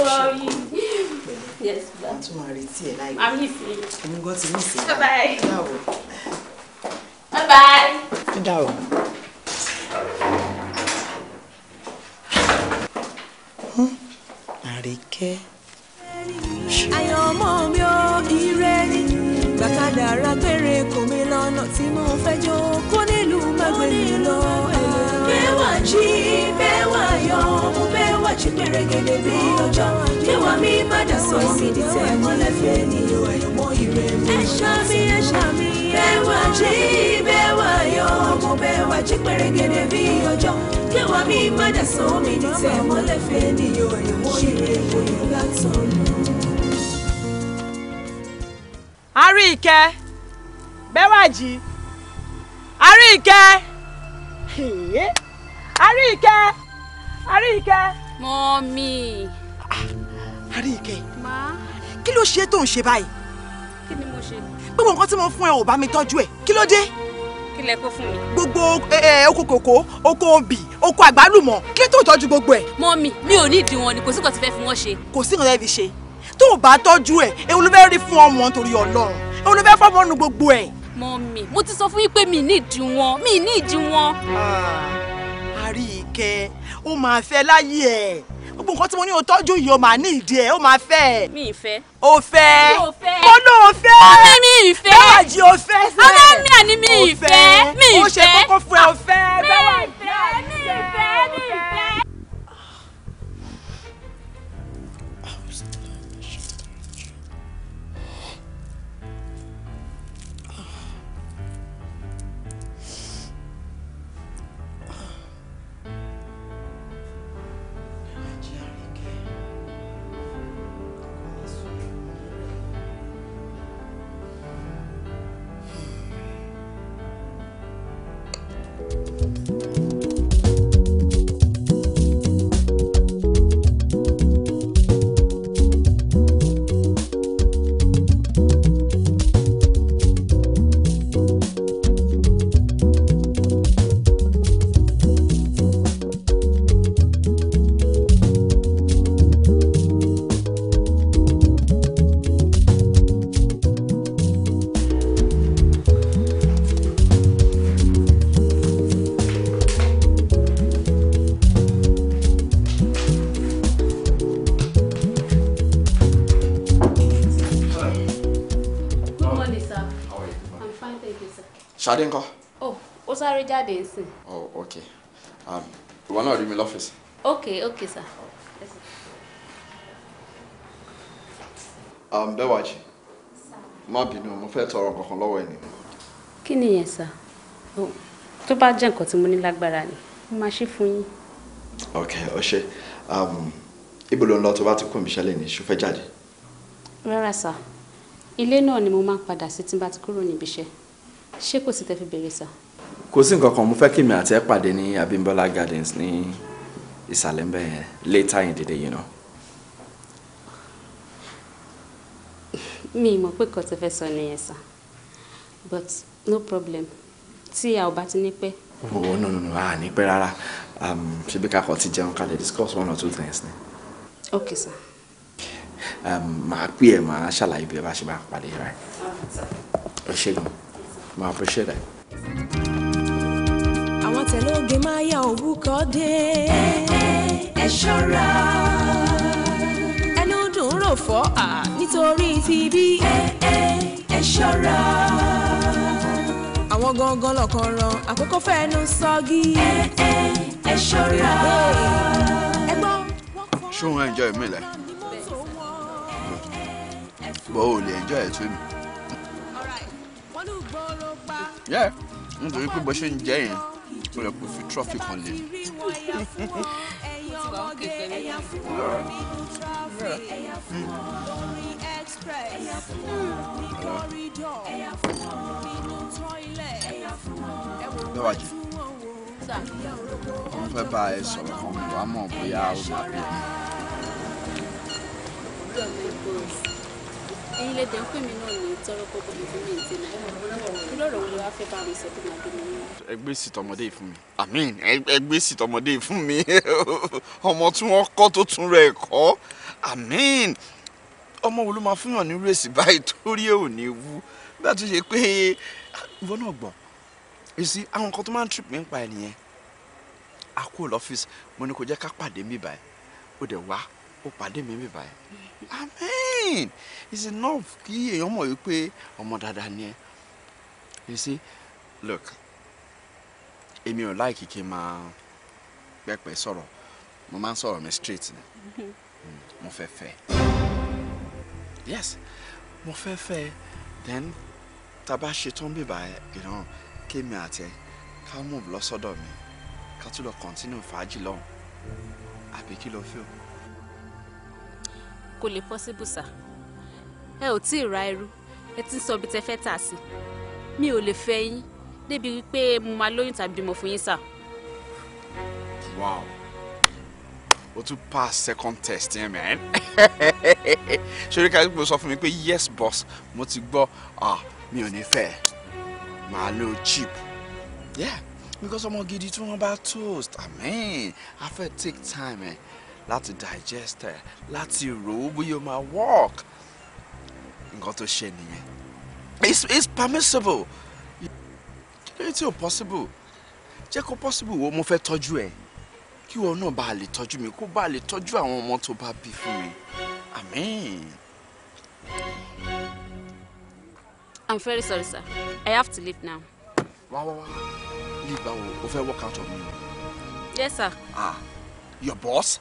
yes bá. wọ́n tún máa retí ẹ̀ láìpẹ́. àmì ìfẹ́. èmi gan ti ní ìsìn. bye bye. bye bye. ṣe. àyànmọ́ mi ò ire ni gbàkadà ara péré kò mí lọ́nà tí mo fẹ́ jó kó nílùú má mi lọ jí mẹ́wàá yọ mo mẹ́wàá jí pẹ̀rẹ́gẹ̀dẹ̀ bí ọjọ́ mẹ́wàá mi má dà sọ ìsìdí tẹ̀ mọ́lẹ̀ fẹ́ ni ọmọ ìrẹ́ mi. ẹ ṣá mi ẹ ṣá mi mẹ́wàá jí mẹ́wàá yọ mo mẹ́wàá jí pẹ̀rẹ́gẹ̀dẹ̀ bí ọjọ́ mẹ́wàá mi má dà sọ ìsìdí tẹ̀ mọ́lẹ̀ fẹ́ ni ọmọ ìrẹ́ mi látọ̀ lọ. Àríkẹ́ Bẹ́wàjí Àríkẹ́. Àríkẹ́ Àríkẹ́. mọ́mí. Àríkẹ́. má. kí ló ṣe tó ń ṣe báyìí. kí ni mo ṣe. gbogbo nǹkan tí mo fún ẹ ò bá mi tọ́jú ẹ kí ló dé. kí lẹ kó fún mi. gbogbo oko kòkó oko obì oko àgbálùmọ̀ kí ló tó tọ́jú gbogbo ẹ. mọ́mí mi ò ní ìdí wọn ni kò sí nǹkan tí fẹ́ fi wọ́n ṣe. kò sí nǹkan tí fẹ́ fi ṣe tó o bá tọ́jú ẹ̀ ewu ló fẹ́ rí fún ọmọ nítorí ọlọ́run ewu fọmọ nu gbogbo ẹ̀. mọ́mí mo ti sọ fún yín pé mi ní ìdí mi ní ìdí Fúnkẹ́ ó máa fẹ́ láyé ẹ̀ gbogbo nǹkan tí mo ní o tọ́jú yìí o máa ní ìdí ẹ̀ ó máa fẹ́. mi ì fẹ́. o fẹ́. mi ò fẹ́. mo ló fẹ́. ọmọ mi ì fẹ́. bẹ́wàjì o fẹ́ sẹ́. ọmọ mi àní mi ì fẹ́. mi ì fẹ́. o ṣe kókó fún ẹ o fẹ́. mi ì fẹ́ mi ì fẹ́ mi ì fẹ́. you Ṣadé ńkọ́. oh ó sáré jáde nsìn. oh ok um, ìwọ náà rí mi lọ́fíìsì. ok ok sir. Um, Bẹ́wàjì má bínú mo fẹ́ tọrọ kankan lọ́wọ́ ẹ̀ nìyẹn. kí ni yẹn sà oh, tó bá jẹ́ nǹkan tí mo ní lágbára ni mo máa ṣe fún yín. ok ọ ṣe um, ibo ló ń lọ tó bá ti kún mi ṣẹlẹ̀ ní ṣó fẹ́ jáde. rárá sà ilé náà ni mo máa ń padà sí tí n bá ti kúrò níbi iṣẹ́ ṣé kò sí tẹ́ fi béèrè sá. kò sí nǹkan kan mo fẹ́ kí mi àti ẹ pàdé ní Abimbola Gardens ní ìsàlẹ̀ ńbẹ yẹn later in the day you know. mi mọ̀ pé kò tẹ́ fẹ́ sọ nìyẹn sá but no problem tí a ò bá ti ní pẹ́. oh no no no a ní pẹ́ rárá um, ṣebí ká kọ́ ti jẹun ká lè discuss one or two things ni. ok sir. Um, màá pè ẹ́ màá ṣàlàyé bí ẹ bá ṣe máa pàdé rẹ̀ ẹ ṣé gan ma appreciate that. àwọn tẹ̀lé oge máa ya òwúkọ dé ẹ ṣọ́ra ẹnu dùn rò fọ́ à nítorí ti bí ẹ ṣọ́ra àwọn gangan lọ́kàn ràn àkókò fẹ́ẹ́nu sọ́gi ẹ ṣọ́ra. ṣé wọn enjoy mi lẹ bó o lè enjoy ẹ tún mi yẹ nítorí pé bó ṣe ń jẹ yẹn ó yẹ kó fi trọfì kan lé. lọ́wọ́ jù wọ́n fẹ́ bá ẹ sọ̀rọ̀ kan wàá mọ̀ bóyá ó máa bí ẹ ẹ̀yin lè dẹ̀ ń pè mí náà ní tọrọ kókó mi fún mi ìtì náà irú wo wá fẹ́ bá mi sọ máa dùn mí. ẹ gbé sí tọmọdé fún mi àmín ẹ gbé tọmọdé fún mi (laughs) ọmọ tí wọ́n kọ́ tó tún rẹ̀ kọ́ àmín ọmọ wo ló máa fún yàn ní rèsì báyìí torí ẹ ò ní wú bí a ti ṣe pé ìwọ náà gbọ̀n èsì àwọn nǹkan tó máa ń trip mi ń pa ẹ nìyẹn a kúrò lọ́fíìsì mo ní kò jẹ́ ká pàdé mi báyìí ó dẹ̀ wá ó pàdé mi bíbá ẹ amen it's enough kí èèyàn mọ̀ wípé ọmọ dáadáa ni ẹ you see look èmi ò láì kìkì máa pẹ́pẹ́ sọ̀rọ̀ mo máa ń sọ̀rọ̀ mi straight ni hmm, mo fẹ́ fẹ́ yes mo fẹ́ fẹ́ then tá a bá ṣetán bíbá ẹ kémi àti ẹ ká move lọ sọ́dọ̀ mi ká tún lọ continue fàájì lọ́hùn àbí kí ló fẹ́ kò lè possible sà ẹ ò tí ì ra irú ẹ ti ń sọ ibi tẹ fẹ́ tà sí mi ò lè fẹ́ yín débi wípé mo máa lóyún tàbí bímọ fún yín sà. wow o tún pass second test yẹn mẹ́rin ṣorí ká gbogbo sọ fún mi pé yes boss mo ti gbọ́ ah mi ò ní fẹ́ màá lo chip yeah because ọmọ gidi tí wọ́n bá toast amen i fẹ́ take time. Eh láti digest ẹ̀ láti rò ó bóyá o máa work nǹkan tó ṣe nìyẹn it's it's permissible kí ló yẹ tí o possible jẹ́ kó possible wo mo fẹ́ tọ́jú ẹ̀ kí wọn náà bá lè tọ́jú mi kó bá lè tọ́jú àwọn ọmọ tó bá bí fún mi amen. I'm very sorry, sir. I have to leave now. Wá wá wá. Leave báwo, o fẹ́ work out of me. Yes, sir. Ah, your boss?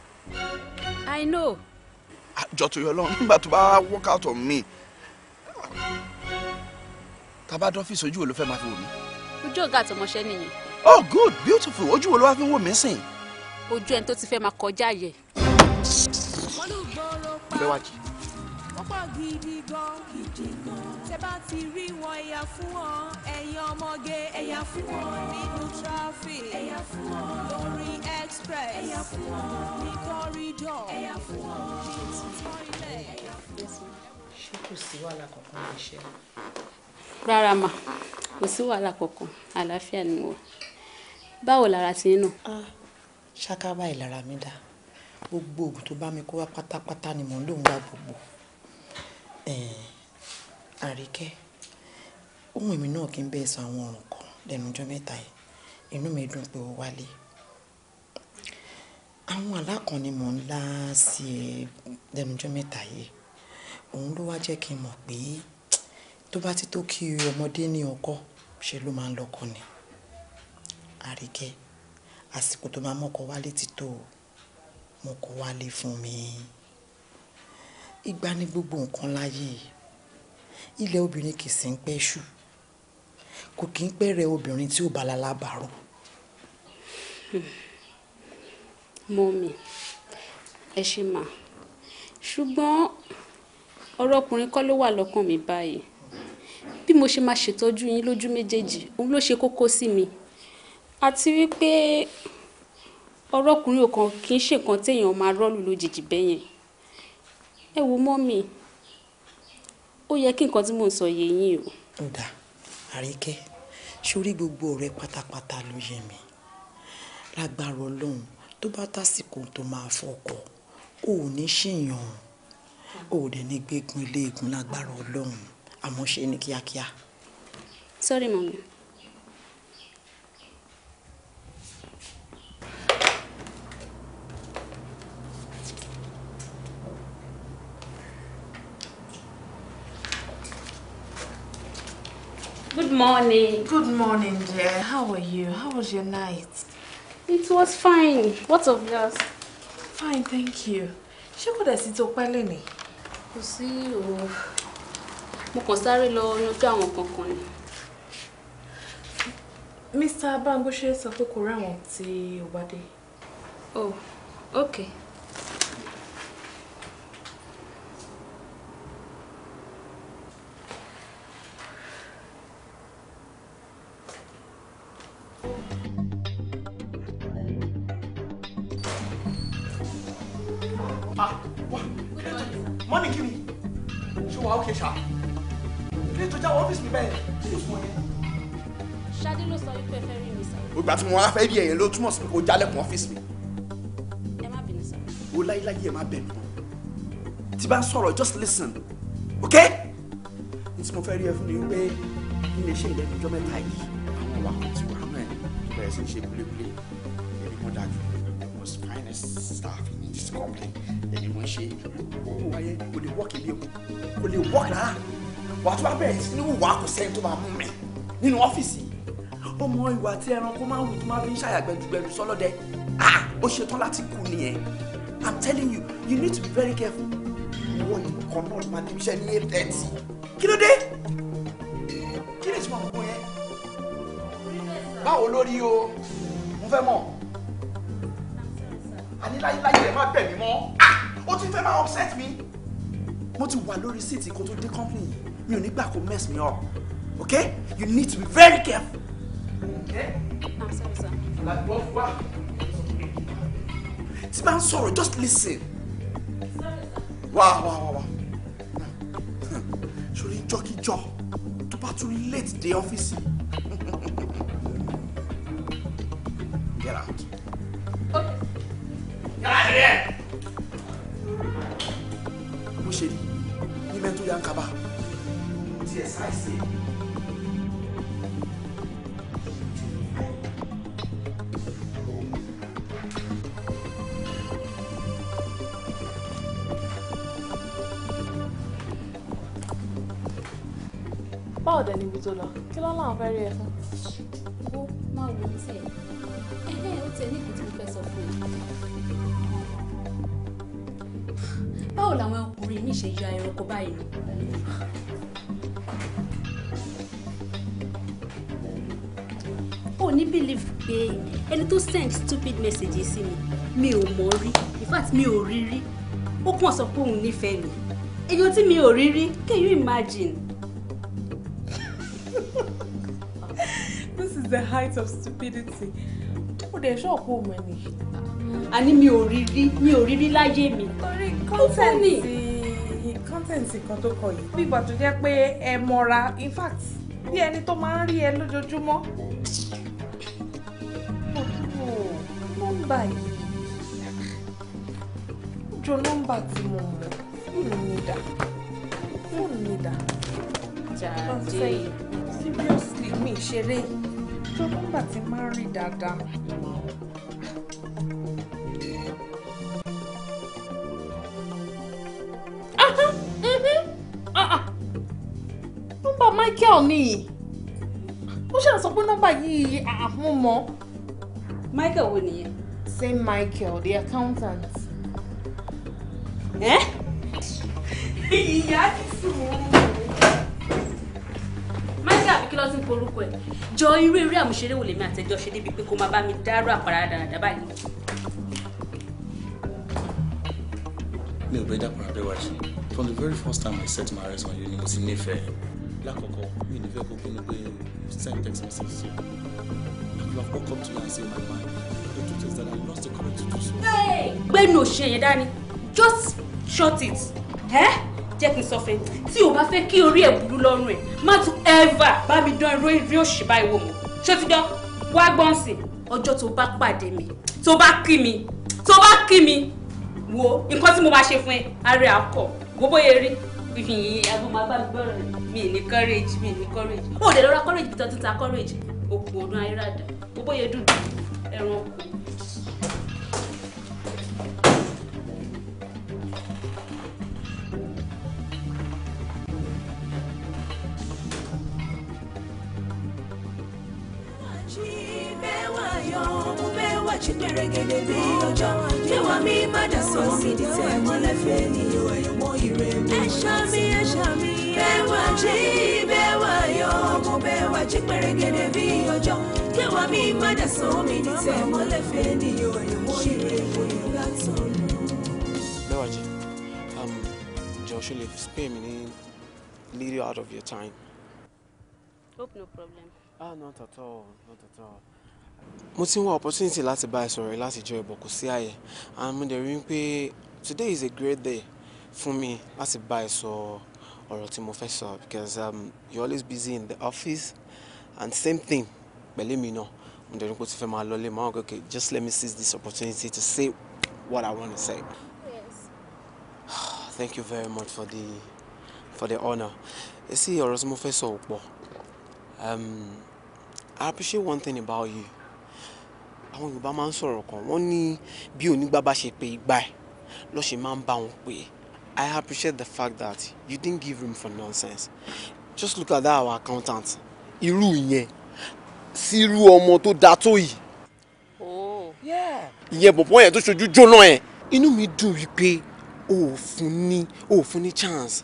I know. àjọ tó yọ lọ́wọ́ nígbà tó bá work out on me tábà dọ́fíìsì ojú wo ló fẹ́ máa fi wò mí. ojú ọ̀gá àtọmọṣẹ́ nìyẹn. oh good beautiful ojú wo ló wá fi ń wò mí sìn. ojú ẹni tó ti fẹ́ máa kọjá yẹ. bẹ́ẹ̀ wá jì. gidi gan gidi gan bá ti rí wọn ẹ̀yà fún wọn ẹ̀yin ọmọge ẹ̀yà fún wọn nínú traffic ẹ̀yà fún wọn lórí express ẹ̀yà fún wọn ní corridor ẹ̀yà fún wọn nínú toilet. ṣé kò sí wàhálà kankan lè ṣe. rárá mà kò sí wàhálà kankan àlàáfíà ni mo báwo lára ti nù. ṣáká báyìí lára mi dá gbogbo oògùn tó bá mi kó wá pátápátá ni mò ń lò ń gbà gbogbo àríkẹ́ ohun èmi náà kí n bẹ́ẹ̀ sọ àwọn ọ̀rọ̀ kan lẹ́nujọ́ mẹ́ta yìí inú mi dùn pé o wálé àwọn alákan ni mò ń lá sí ẹ lẹ́nujọ́ mẹ́ta yìí òun ló wá jẹ́ kí n mọ̀ pé tó bá ti tó kí ọmọdé ní ọkọ ṣe ló máa ń lọ́kọ ni àríkẹ́ àsìkò tó máa mọ́kọ wálé ti tó mọ́kọ wálé fún mi ìgbà ni gbogbo nǹkan láyé yìí ilẹ̀ obìnrin kì í sì ń pẹ́ ṣú kò kí ń pẹ́ rẹ obìnrin tí ó bá lalábàárò. Hmm. mọ́mì ẹ ṣe mà ṣùgbọ́n ọ̀rọ̀ ọkùnrin kọ́ ló wà lọ́kàn mi báyìí bí mo ṣe máa ṣètọ́jú yín lójú méjèèjì òun ló ṣe kókó sí mi àti wípé ọ̀rọ̀ ọkùnrin ò kàn kì í ṣe nǹkan téèyàn máa rọ́ọ̀lù lójijì bẹ́yẹn ẹ wo mọ́mì ó yẹ kí nǹkan tí mò ń sọ yé yín o. ń dà àríkẹ́ sórí gbogbo ọ̀rẹ́ pátápátá ló yẹ mi lágbára ọlọ́run tó bá tásìkò tó máa fọkọ ò ní ṣèyàn ò dẹ̀ ní gbégun ilé igun lágbára ọlọ́run àmọ́ ṣe ní kíákíá. sorry mọ̀mí Good morning. Good morning, dear. How are you? How was your night? It was fine. What of yours? Fine, thank you. Ṣé kò dẹ̀ sí tó pẹ́ lónìí? Kò sí o. Mo kàn sáré lọ yanjú àwọn kankan ni. Mr. Bangoshe sọ pé kò rí àwọn tí ó Oh, okay. wà ókè ṣá please tó já ọ́fíìsì mi bẹ́ẹ̀ please fún yín. Ṣadé ló sọ wípé fẹ́ rí mi sá. ìgbà tí mo wá fẹ́ bí ẹ̀yẹ ló túmọ̀ sí pé kò jálẹ̀kùn ọ́fíìsì mi. ẹ má bínú sá. wo láyéláyé ẹ má bẹ̀rù tí bá ń sọ̀rọ̀ just listen ok. ní tí mo fẹ́ rí ẹ fún mi wípé nílé iṣẹ́ ìlẹ́nu ọjọ́ mẹ́ta yìí àwọn ọ̀wà kan ti wà náà bẹ̀rẹ̀ sí í ṣe kúlẹ̀kúlẹ̀ ẹ̀mí kan dájú your spine is in this company èyí wọ́n ṣe owó wáyé kò lè wọ́ọ̀kì bí epo kò lè wọ́ọ̀kì rárá wàá tún wá bẹ̀rẹ̀ sí ní wùwà kò sẹ́ni tó máa mú mi nínú ọ́fíìsì ọmọ ìwà tí ẹranko máa ń wù tó máa fi ń ṣàyàgbẹ́dùgbẹ́dù sọ́lọ́dẹ ah ó ṣetán láti kú nìyẹn I'm telling you you need to be very careful ìwọ ìkọ̀ náà máa débi iṣẹ́ ní eight thirty kí ló dé kí ni ìtumọ̀ gbogbo yẹn báwo mi láyé láyé ẹ má bẹ̀ mí mọ́ ah! ó ti fẹ́ máa upset mi. mo ti wà lórí síìtì kó tó dé company yìí mi ò ní gbà kó mess me up okay you need to be very careful. Okay? I'm sorry, sir. Like what? What? tí bá ń sọ̀rọ̀ just listen. wá wá wá wá sori jọ́kíjọ́ tó bá tún late dé ọ́fíìsì. Kila ló láwọn fẹ́ẹ́ rí ẹ fún. ó má wo tẹ ẹhẹ ó tẹ ní ìkùtù fẹ́ sọ fún mi. báwo làwọn ọkùnrin mi ṣe ya ẹranko báyìí lọ. ó ní believe pé ẹni tó send stupid messages sí mi mi ò mọ̀ rí in fact mi ò rí rí ó kàn sọ pé òun nífẹ̀ẹ́ mi èyí tí mi ò rí rí can you imagine. the height of stupidity dípò dẹ̀ ṣọ́ọ̀pù ọmọ ẹni. àní mi ò rí rí mi ò rí rí láyé mi. torí kọ́ńtẹ́ǹtì kọ́ńtẹ́ǹtì kan tó kọ yìí bí ìgbà tó jẹ́ pé ẹ mọ́ra in fact bí ẹni tó máa ń rí ẹ lójoojúmọ́. nọ́mbà yìí jọ nọ́mbà tí mo mọ̀ fóònù mi dà fóònù mi dà. jáde seriously mi ìṣeré yìí tó nígbà tí máa ń rí dáadáa. Ah, ah! nọ́mbà Michael ni ó ṣáà sọ pé nọ́mbà yìí àmú ah, mọ́. Michael wo nìyẹn. Saint Michael the accountant. ẹ (laughs) ìyá ti sùn. Títà kí ló ti ẹ̀. Jọ irú eré àmúṣeré wò lèmi àtẹjọ́ ṣe débi pé kó máa bá mi dárò àpárá dáadáa báyìí. Mi ò bẹ́ dàpọ̀ abẹ́ wá ṣe. From the very first time I set my eyes on you ni mo ti nífẹ̀ẹ́. Lákọ̀ọ́kọ́ mi ò ní fẹ́ kó pinnu pé send text message to you. You have woke up to me and say my mind. The truth is that I lost the courage to do so. Gbẹ́nu òṣìṣẹ́ yẹn dání. Just shut it. Eh? jẹ́ kí n sọ fẹ́ tí o bá fẹ́ kí orí ẹ̀ burú lọ́rùn ẹ̀ má tún ever bá mi dán irú ìrí òṣìbá ìwò mọ̀ ṣé ti dán wá gbọ́n sí ọjọ́ tó bá pàdé mi tó bá kí mi tó bá kí mi wo nǹkan tí mo máa ṣe fún ẹ ara ẹ̀ akọ wo bóyá rí ìfìyìn agbọ́magbàgbọ́rọ̀ mi ní courage mi ní courage ó dẹ̀ lọ́ra courage bí tọ́tún ta courage òkú ọdún ayé rà dá wo bóyá dùn ẹ̀rọ ọkùnrin. jí pẹ̀rẹ́gẹ̀dẹ̀ bí ọjọ́ ìwà mi má dà sọ sí di tẹ̀ mọ́lẹ̀ fẹ́ ni ẹ̀wọ̀n ìrẹ̀ mú. ẹ ṣá mi ẹ ṣá mi bẹ́wà jí bẹ́wà yọ ọmọ bẹ́wà jí pẹ̀rẹ́gẹ̀dẹ̀ bí ọjọ́ ìwà mi má dà sọ mi di tẹ̀ mọ́lẹ̀ fẹ́ ni ẹ̀wọ̀n ìrẹ̀ mú látọ̀run. bẹ́wà jí jọ̀ọ́ ṣe lè spare mi ní lead you out of your time. hope no problem. ah not at all not at all mo ti ń wá opportunity láti bá ẹ sọ̀rọ̀ láti jọ ẹ̀bọ̀ sí ààyè and mo dẹ̀ rí pé today is a great day fún mi láti bá ẹ sọ ọ̀rọ̀ tí mo fẹ́ sọ because um, you always busy in the office and same thing pẹ̀lú mi náà mo dẹ̀ rí i pé o ti fẹ́ máa lọlé máa wọ́n okay just let me seize this opportunity to say what I want to say. Yes. (sighs) Thank you very much for the for the honour. Ẹ sí ọ̀rọ̀ tí mo fẹ́ sọ ò pọ̀. Um, I appreciate one thing about you àwọn Yorùbá máa ń sọ̀rọ̀ kan wọ́n ní bí onígbà ṣe pé igbá ẹ̀ lọ́ ṣe máa ń bá wọn pé I appreciate the fact that you didn't give room for nonsense just look at that our accountant irú yẹn sírú ọmọ tó dáa tó yìí oh. ìyẹn bọ̀bọ̀ yẹn tó ṣojú jóná yẹn inú mi dùn wípé o ò fún ní o ò fún ní chance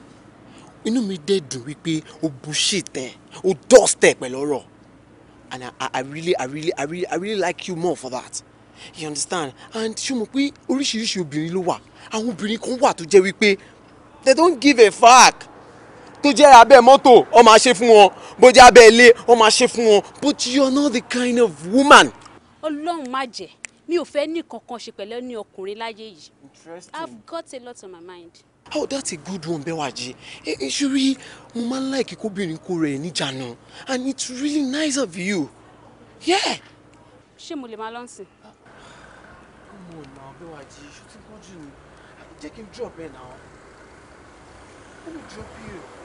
inú mi dẹ̀ dùn wípé o bù ṣìtẹ̀ o dọ́ọ̀sì tẹ̀ pẹ̀lú ọ̀rọ̀ and I, I, I really, I really, I really, I really like you more for that. You understand? And ṣé mo pé oríṣiríṣi obìnrin ló wà àwọn obìnrin kan wà tó jẹ́ wípé they don't give a fuck tó jẹ́ abẹ́ mọ́tò ó máa ṣe fún wọn bó abẹ́ ilé ó máa ṣe fún wọn but you not the kind of woman. Ọlọ́run má jẹ́ mi ò fẹ́ ní kankan ṣe pẹ̀lú ẹni ọkùnrin láyé yìí I've got a lot on my mind oh that's a good one Bewaji eh, eh, ṣorí mo máa ń láìkí kóbìnrin kó rẹ̀ níjànú and it's really nice of you yeah. ṣé mo lè máa lọ sìn. ọmọ ọ̀nà Bewaji ṣó ti gbọ́n jù ní jẹ́ kí n drop ẹ̀ náà let me drop you.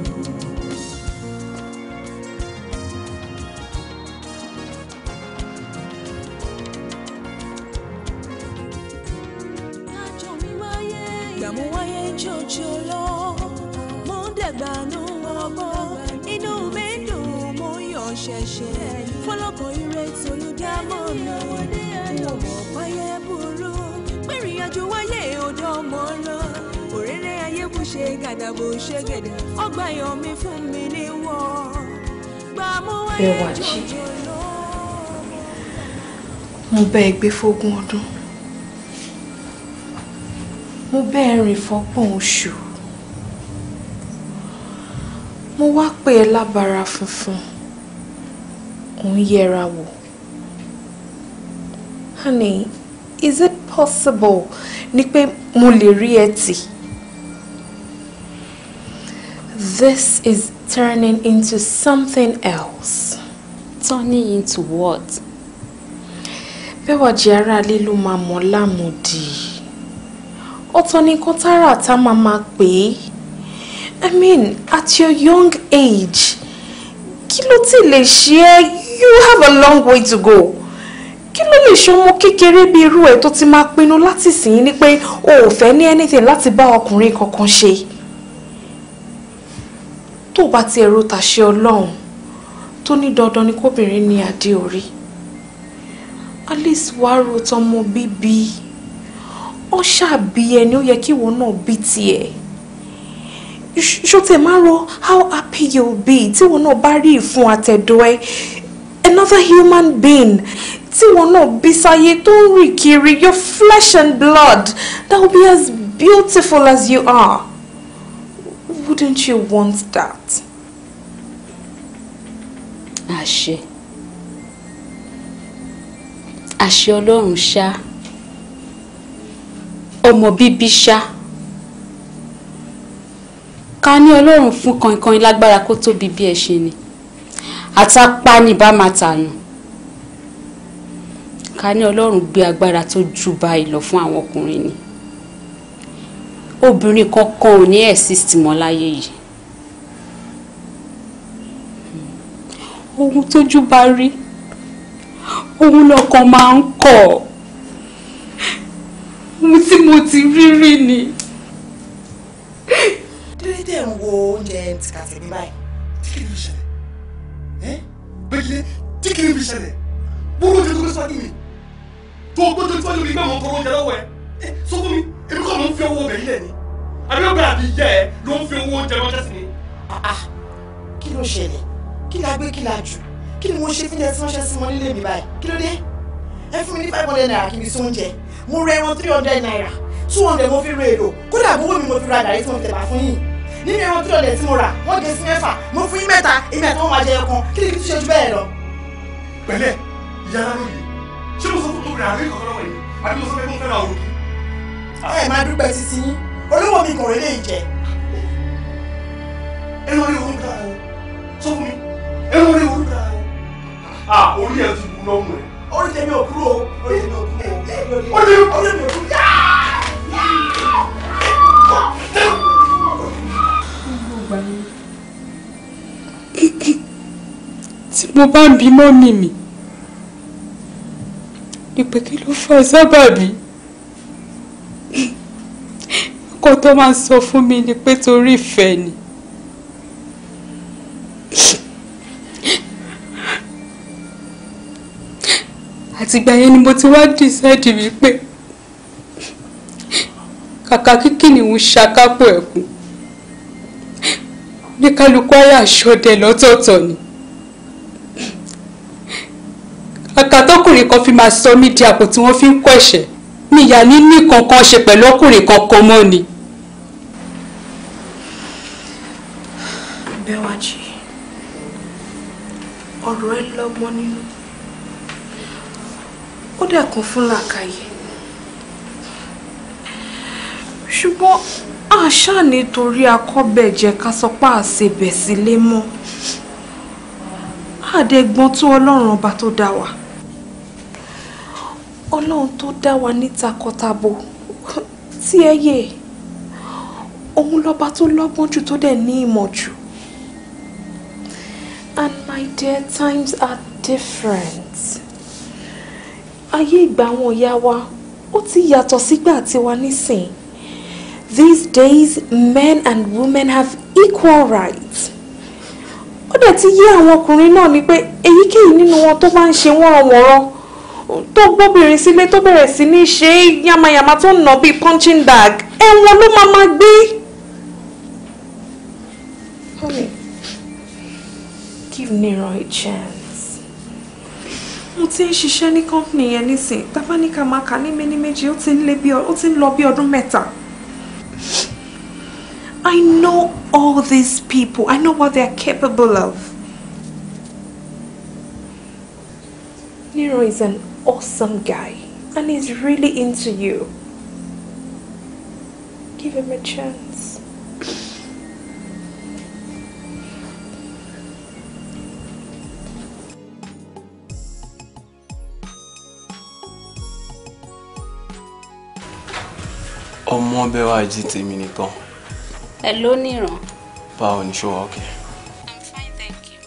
ìdààmú wáyé jòjò lọ mo dẹ̀gbànú ọgbọ́n inú mi dùn mo yọ̀ ṣẹ̀ṣẹ̀ fọlọ́kọ̀ ire tolúdámọ̀ mi mo wáyé burú pẹ̀rìn àjò wáyé odò ọmọ lọ òrèrè ayé kò ṣe gàdàbò ṣe gẹ̀dẹ̀ ọgbà yọ̀ mi fún mi ní wọ́ gbàmú wáyé jòjò lọ. mo bẹ ẹgbẹ́ fógún ọdún mo bẹ́ẹ̀ rìn fọ́pọ̀ oṣù mo wá pè é lábara funfun òun yẹra wò honey is it possible ni pé mo lè rí ẹ tì this is turning into something else turning into what bẹ́ẹ̀ wá jẹ́ aráalé ló máa mọ̀ lámùdí ọ̀tọ̀ ni nǹkan tára tá máa máa pè é i mean at your young age kí ló ti lè ṣe ẹ́ you have a long way to go kí ló lè ṣe ọmọ kékeré bíi irú ẹ̀ tó ti máa pinnu láti sìn ní pé o ò fẹ́ ní anything láti bá ọkùnrin kankan ṣe tó bá ti ẹ̀rọ tàṣẹ ọlọ́run tó ní dandan ni kóbìnrin ní adé orí alice wàá ro tọmọ bíbí ó ṣàbí ẹni ó yẹ kí ìwọ náà bí tiẹ̀ ṣọtẹ máa rọ how happy you be tí ìwọ náà bá rí ìfun àtẹ̀dọ̀ ẹ another human being tí ìwọ náà bí sáyé tó ń rìn kiri your flesh and blood that will be as beautiful as you are wouldn't you want that. àṣẹ àṣẹ ọlọ́run ṣáá ọmọ bíbí ṣá ká ní ọlọ́run fún kankan lágbára kó tó bíbí ẹ̀ ṣe ni àtàpá ni bá máa tàyàn ká ní ọlọ́run gbé agbára tó jù báyìí lọ fún àwọn ọkùnrin ni obìnrin kankan ò ní exist mọ́ láyé yìí ohun tójú bá rí ohun lọ́kàn máa ń kọ̀ ọ́ tí mo ti rí rí ni. Délé dẹ̀ ń wo oúnjẹ tìkàtì mi báyìí. Tí kìí fi ṣẹlẹ̀? Ẹ́ Bẹ́lẹ̀ tí kìí fi ṣẹlẹ̀? Bóró oúnjẹ tó gbé sọ́ọ́dún mi. Tó o gbé tó sọ́ọ́dún mi gbé mọ̀ ń tọrọ oúnjẹ lọ́wọ́ ẹ̀. Ẹ sọ fún mi, èmi kọ́ mò ń fi owó ọbẹ̀ yílẹ̀ ni. Abẹ́gbẹ́ àbí ìyá ẹ ló ń fi owó oúnjẹ ránṣẹ́ sí mi. Ah, ah. Kí ló ṣẹlẹ̀? Kí la gbé kí la jù? Kí ni mo ṣe fún ẹ tí wọ́n ṣe sí mọ nílé mi báyìí? Kí ló dé? Ẹ fún mi ní five hundred naira kí n fi sí oúnjẹ mo rẹ ẹran three hundred naira two hundred mo fi ro èrò kódà gbogbo mi mo fi ra gàrí tí mo fi tẹ̀bà fún yìí nínú ẹran three hundred tí mo rà wọ́n gé sí mẹ́fà mo fún yín mẹ́ta èmi àti wọn máa jẹ ẹ̀kan kí ni kí n ṣe ju bẹ́ẹ̀ lọ. pẹ̀lẹ́ ìyára lóye ṣé mo sọ fún tóbi àárín kankan lọ́wọ́ yìí àbí mo sọ pé mo fẹ́ ra òrùkí. ẹ máa dúpẹ́ títí yín olówó mi kàn rélé ìjẹ. ẹnu orí òun dára sọ fún mi ẹnu orí òun dára. à orí ẹ̀ orí tèmi ò kúrò orí tèmi ò kúrò orí tèmi ò kúrò yáá yáá. tí mo bá ń bi mọ́mì mi ìpè kí ló fà sábàbí ọkọ tó máa ń sọ fún mi ni pé torí ìfẹ́ ni àtìgbà yẹn ni mo ti wá dìsẹ́ẹ̀dì wípé kàkà kíkì ni òun ṣàkápò ẹ̀kún ní kálukú ayé àṣọdẹ lọ́tọ̀ọ̀tọ̀ ni kàkà tọkùnrin kan fi máa sọ mí di àpò tí wọ́n fi ń kọ́ ẹ̀ṣẹ̀ níyà níní kankan ṣe pẹ̀lú ọkùnrin kankan mọ́ ni. bẹ́wàjì ọ̀rọ̀ ẹ lọ́gbọ́n nínú ó dẹ̀ kún fún làkàyè ṣùgbọ́n àṣà nítorí akọ́bẹ̀jẹ ká sọ pé àṣebẹ̀ sílé mọ́ àdẹ́gbọ́n tó ọlọ́run ọba tó dá wa ọlọ́run tó dá wa ní takọtabo tí ẹ yé òun lọ́ba tó lọ́gbọ́n jù tó dẹ̀ ní ìmọ̀ jù and my dear times are different ayé ìgbà àwọn ìyá wa ó ti yàtọ̀ sígbà tiwa nísìn these days men and women have equal rights ó dẹ̀ ti yé àwọn ọkùnrin náà ni pé èyíkéyìí nínú wọn tó bá ń ṣe wọ́nranwọ̀nran tó gbóbìnrin sílé tó bẹ̀rẹ̀ sí ní ṣe yamayama tó nà bíi punching bag ẹ̀wọ̀n ló máa máa gbé. Give Nero a chance. mo ti ń ṣiṣẹ́ ní kọ́ńpìnì yẹn nísìn tábánikà máa kà ní méní méjì ó ti ń lé bí ó ti ń lọ bí ọdún mẹ́ta. I know all these people. I know what they are capable of. Nero is an awesome guy and he's really into you. Give him a chance. ọmọ ọbẹ̀ wa jí tèmi nìkan. ẹ ló níran. báwo ni ṣó wà okay. i'm fine thank you.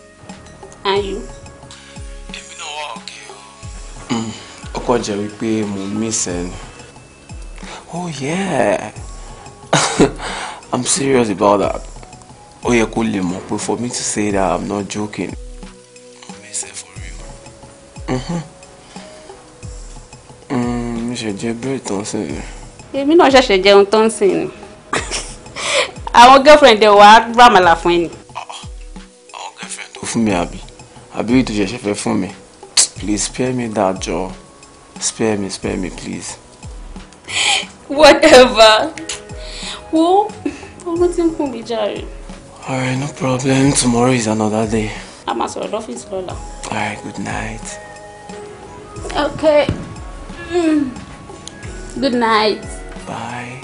are you. èmi náà wà okay o. Hmm. ó kàn jẹ́ wípé mo miss ẹ oh yeah (laughs) i'm serious about that. ó yẹ kó lè mọ̀ pé for me to say that i'm not joking. mo miss ẹ for real. Mm-hmm. Mm, ṣe jẹ bẹ́ẹ̀ tán sí èmi náà ṣẹ̀ṣẹ̀ jẹun tó ń sìn ni àwọn girlfriend ẹ̀ wàá ràmàlà fún ẹ ni. àwọn girlfriend tó fún mi àbí àbí ètò ìṣẹ̀ṣẹ̀ fẹ́ fún mi please spare me that job spare me spare me please. whatever wo ogun ti ń kún mi jàre. alright no problem tomorrow is another day. a máa sọ̀rọ̀ lọ́fíìsì lọ́la. alright good night. okay. Mm. Good night. Goodbye.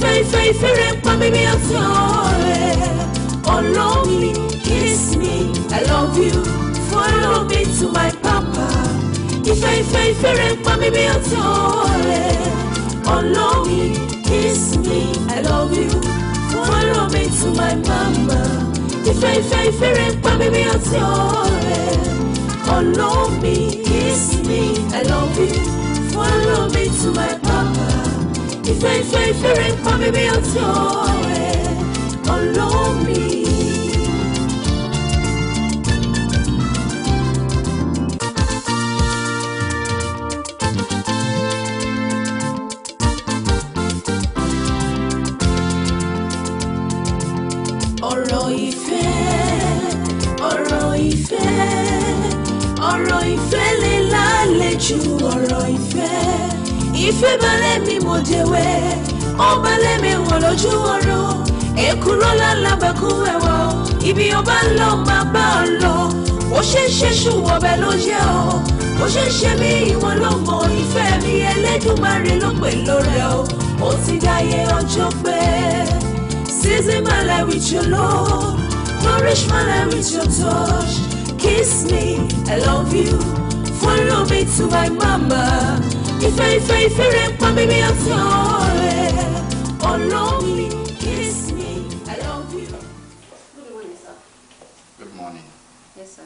ìfẹ́ ìfẹ́ kiss me i love you follow me to my papa ìfẹ́ ìfẹ́ ìfẹ́ rẹ̀ ń pa mí bí ọ̀fẹ́ ọ̀rẹ́ olómi kiss me i love you follow me to my mama ìfẹ́ ìfẹ́ ìfẹ́ rẹ̀ ń pa mí bí ọ̀fẹ́ ọ̀rẹ́ olómi kiss me i love you follow me to my papa ìfẹ́ ìfẹ́ ìfẹ́ rẹ̀ ń pa mi bí ọtí ọ̀rẹ́ ọlọ́. ojú ọ̀run èkúrò lálàbẹ̀kú ẹ̀wọ̀ ibi ọba ń lọ máa bá ọ lọ ó ṣe ń ṣe ṣùwọ̀n ọbẹ̀ ló jẹ́ ọ ó ṣe ń ṣe bí ìwọ̀n ló mọ ìfẹ́ mi Ẹlẹ́dùmarè ló pè lórẹ o ó ti dáyé ọjọ́ pé season my life with your love nourish my life with your touch kiss me I love you follow me to my mama ìfẹ́ ìfẹ́ ìfẹ́ rẹ̀ ń pa mímí àti ọ̀rẹ́. Olómi, kiss me, I love you. Good morning, Yes, sir.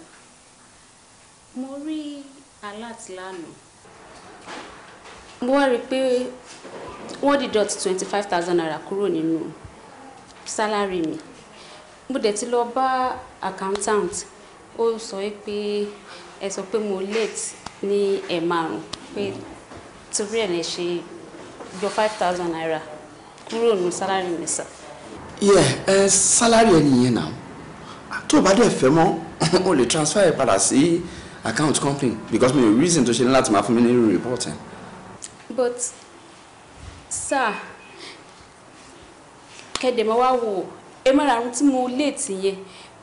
Mo rí alert lánàá. Mo wá rí i pé wọ́n deduct twenty five thousand naira kúrò nínú sálárì mi. Mo dẹ̀ ti lọ bá accountant. Ó sọ pé ẹ sọ pé mo late ní ẹ̀ márùn-ún pé torí ẹ̀ lè ṣe yọ five thousand naira kúrò nù sálárì mi sà. yẹ ẹ sálárì ẹ nìyẹn náà tó o bá dẹ̀ fẹ́ mọ́ (laughs) o lè transfer ẹ padà sí account company because mi ò reason tó ṣe ní láti máa fún mi ní irú report ẹ. but sir kẹ̀dẹ̀mọ́ wá wò ẹ má ra ohun tí mo lè tì yẹn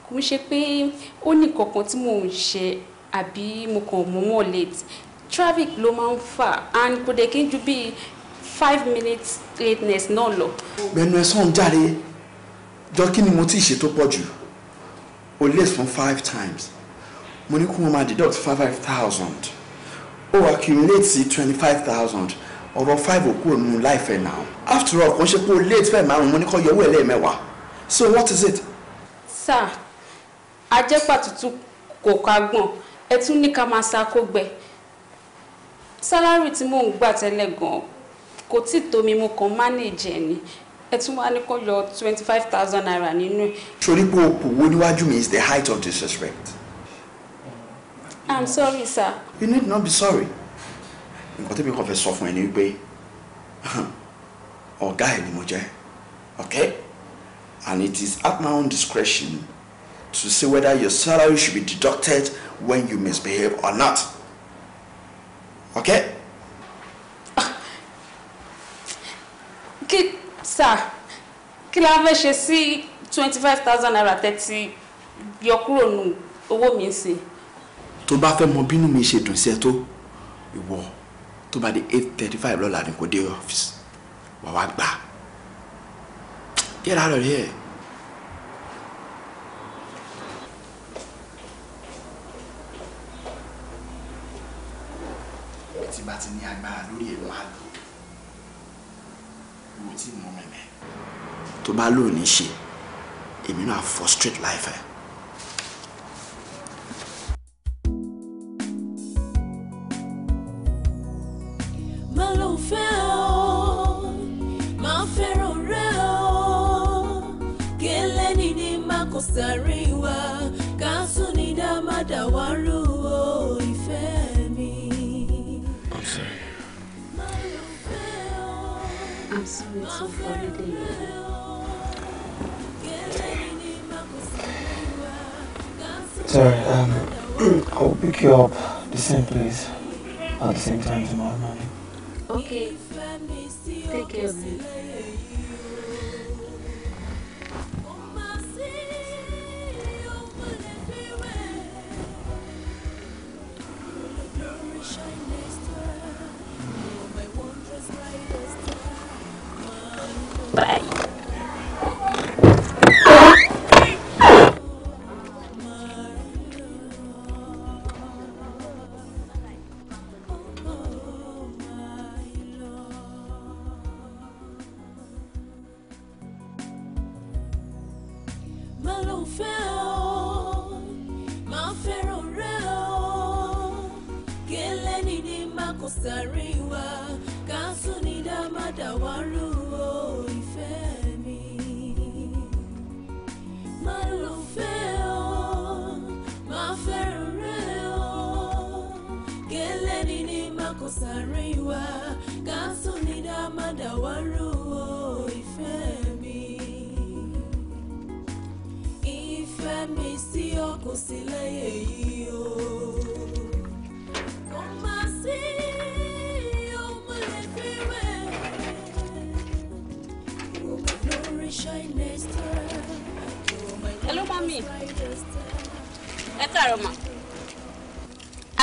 kò ń ṣe pé ó ní kankan tí mo ń ṣe àbí mo kàn mọ́mọ́ late traffic ló máa ń fà and kò dé kí n ju bíi five minutes straightness náà lọ. bẹnu ẹ sọ̀n jáde jọ kí ni mo ti ṣe tó pọ̀ jù o lè fún five times mo ní kí wọ́n máa deduct five five thousand o accumulate twenty five thousand ọ̀rọ̀ five òkú ònú láìfẹ́ náà after all kò ń ṣe pé o late fẹ́ márùn-ún mo ní kó yọ owó ẹlẹ́ẹ̀mẹ́wàá so what is it. sir ajẹ́pàtútù kò kágbọ̀n ẹ tún ní ká máa ṣàkógbẹ́ sálárì tí mò ń gbà tẹ́lẹ̀ gan-an kò tí ì tó mo kàn manage ẹ̀ ni ẹ tún wá ní kó yọ twenty five thousand naira nínú ẹ̀. pé òkòwò níwájú mi is the height of disrespect. i'm sorry sir. you need not be sorry. nǹkan tí mi kàn fẹ́ sọ fún ẹ ni pé (laughs) ọ̀gá ẹ̀ ni mo jẹ́ okay and it is at my own discretion to say whether your salary should be deducted when you misbehave or not okay. kí sir kí la fẹ́ ṣe sí twenty five thousand naira tẹ́tí yọ kúrò nù owó mi ń sè. tó bá fẹ́ mọ bínú mi ṣe dùn sí ẹ tó ìwọ tó bá di eight thirty five lọ́la ni kò dé ọ́fíìsì wàá wá gbà yẹ́ra rẹ̀ yẹ́ ẹ̀. tí bá ti ní agbára lórí ẹ̀ lọ́hàlù wò tí mú mi mẹ́ tó bá lò ní ṣe èmi náà frustrate life ẹ̀. Eh? sàríwá ká tún ní dá má dà wá rú. just waiting for day. Sorry, um, (clears throat) I'll pick you up the same place at the same time tomorrow morning. Okay. Take care of me.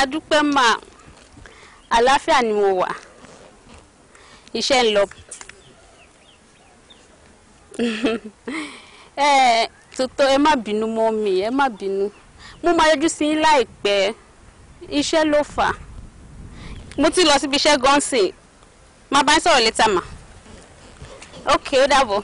adúpẹ́ mà àlàáfíà ni mo wà iṣẹ́ ń lọ. (laughs) ẹ tòótọ́ ẹ má bínú mọ́ mi ẹ má bínú mo máa yọjú sí yín láìpẹ́ iṣẹ́ ló fà á mo ti lọ síbi iṣẹ́ gan-an má bá ń sọ̀rọ̀ létà mà ok ó dàbọ̀.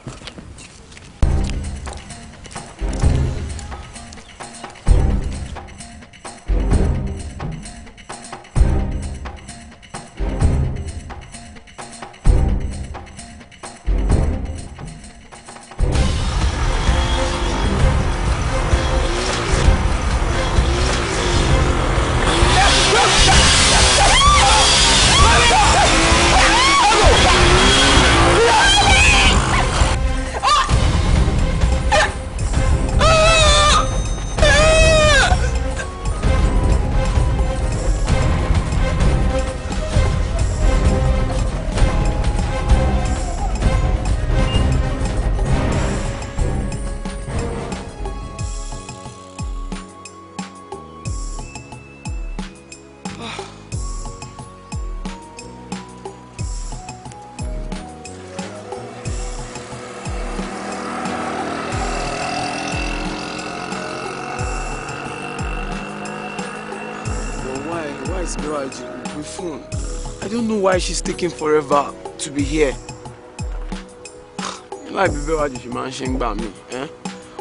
taking forever to be here. (sighs) láì bí bẹ́ẹ̀ wá jù ṣe máa ń ṣe ń gbà mí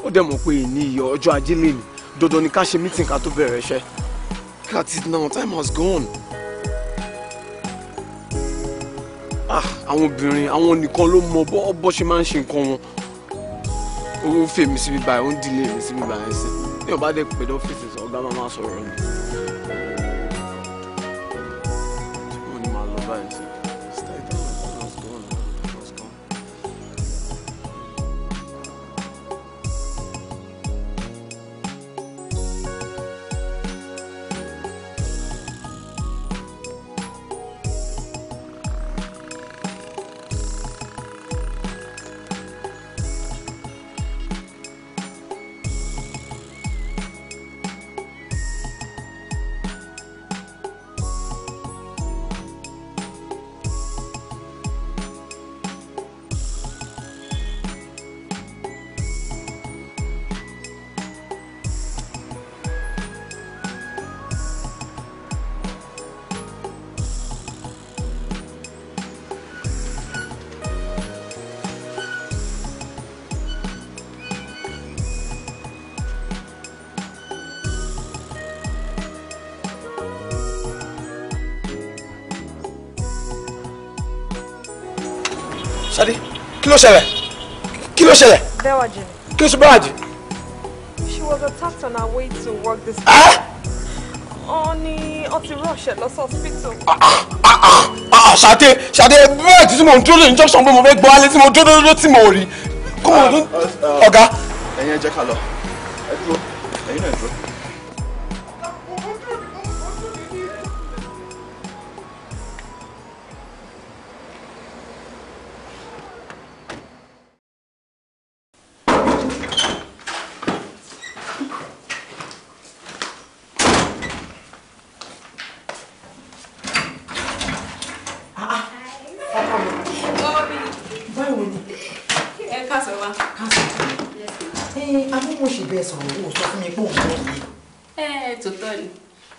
ó dẹ̀ mọ̀ pé ìní iyọ̀ ọjọ́ ajé lè ní dandan ni ká ṣe meeting ká tó bẹ̀rẹ̀ iṣẹ́ cut it now time has gone. ah àwọn obìnrin àwọn nìkan ló mọ bọ́ bọ́ ṣe máa ń ṣe nǹkan wọn ó fèmí síbi báyìí ó ń dilé mi síbi báyìí sí ní ọ̀bá dẹ̀ pẹ̀lú ọ́fíìsì ọ̀gá máa sọ̀rọ̀ ni. ló ṣẹlẹ̀ kí ló ṣẹlẹ̀. Bẹ́wàjì ni. kí ló ṣe Bẹ́wàjì. she was attacked on her way to work this morning. ó ní ó ti rọ̀ṣẹ̀ lọ sí hospital. Ah, ah, ah, ṣàdé ṣàdé bẹ́ẹ̀ tí mo ń dúró ní junction pé mo fẹ́ gbọ́ alẹ́ tí mo dúró dúró tí mo rí kó mo dún ọ̀gá. ẹ̀yin ẹ jẹ́ ká lọ ẹ dúró ẹ̀yin náà dúró.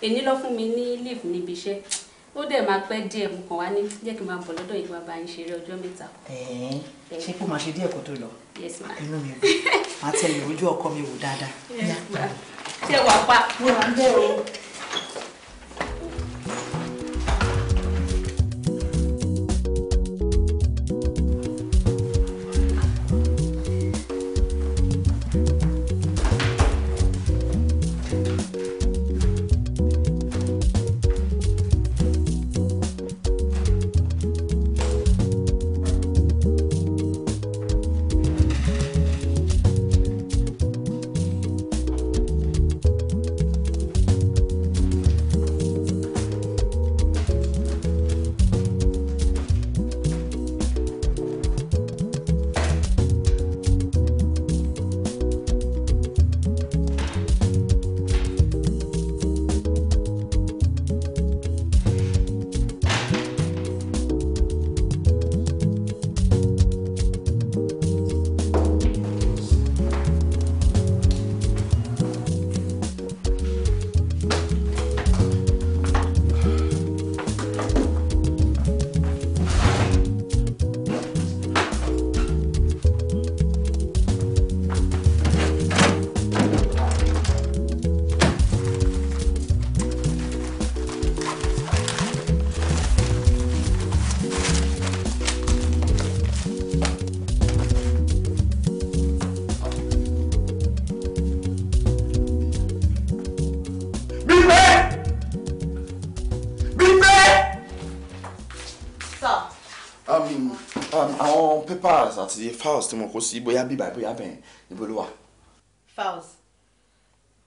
èyí lọ fún mi ní leave níbi iṣẹ́ ó dẹ̀ máa pẹ́ díẹ̀ mo kàn wá ní jẹ́ kí n máa bọ̀ lọ́dọ̀ ìwà bá ń ṣeré ọjọ́ mẹ́ta. ṣé kó máa ṣe díẹ̀ kó tó lọ inú mi wò máa tẹ̀lé ojú ọkọ mi wò dáadáa. ṣé wàá pa. mo rà ń bẹ̀rù. àti files tí mo kó sí bóyá bíbá bóyá bẹ́ẹ̀ ibo ló wà. files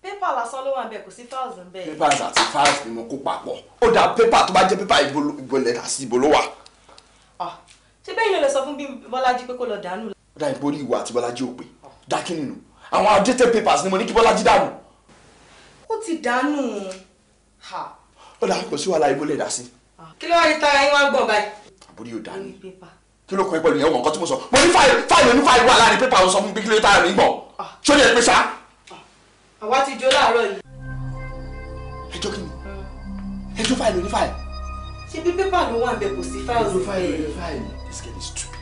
pépà lásán ló wà ń bẹ kò sí files ń bẹ. papers àti files ni mo kó papọ̀ ó dá pépà tó bá jẹ́ pépà ìbolẹ̀ àti ibo ló wà. ṣé bẹ́ẹ̀ yóò lè sọ fún bí Bọ́lájí pé kó lọ dànù. ó dá ìborí ìwà àti Bọ́lájí ò pé dákí nínú àwọn outdated papers ni mo ní kí Bọ́lájí dànù. ó ti dànù. ó dá kò sí wàhálà ìbolẹ̀ dà sí. kí ló wá ní tara yín wá gbọ̀ báyìí. àbúrí ò dání kí ló kọ ẹ pẹ̀lú ìyẹn wọn nǹkan tí mo sọ mo ní fáìlì fáìlì ní fáìlì wà láàrin pépà ọ̀sán fún bíkílẹ̀ tá a rìn gbọ̀ ah. ṣó yẹ pé sá. àwa ti jó láàárọ̀ yìí. ẹjọ́ kí ni ẹjọ́ fáìlì ní fáìlì. ṣé bí pépà ló wà ń bẹ kò sí fáìlì. ẹjọ́ fáìlì ní fáìlì. this girl is stupid.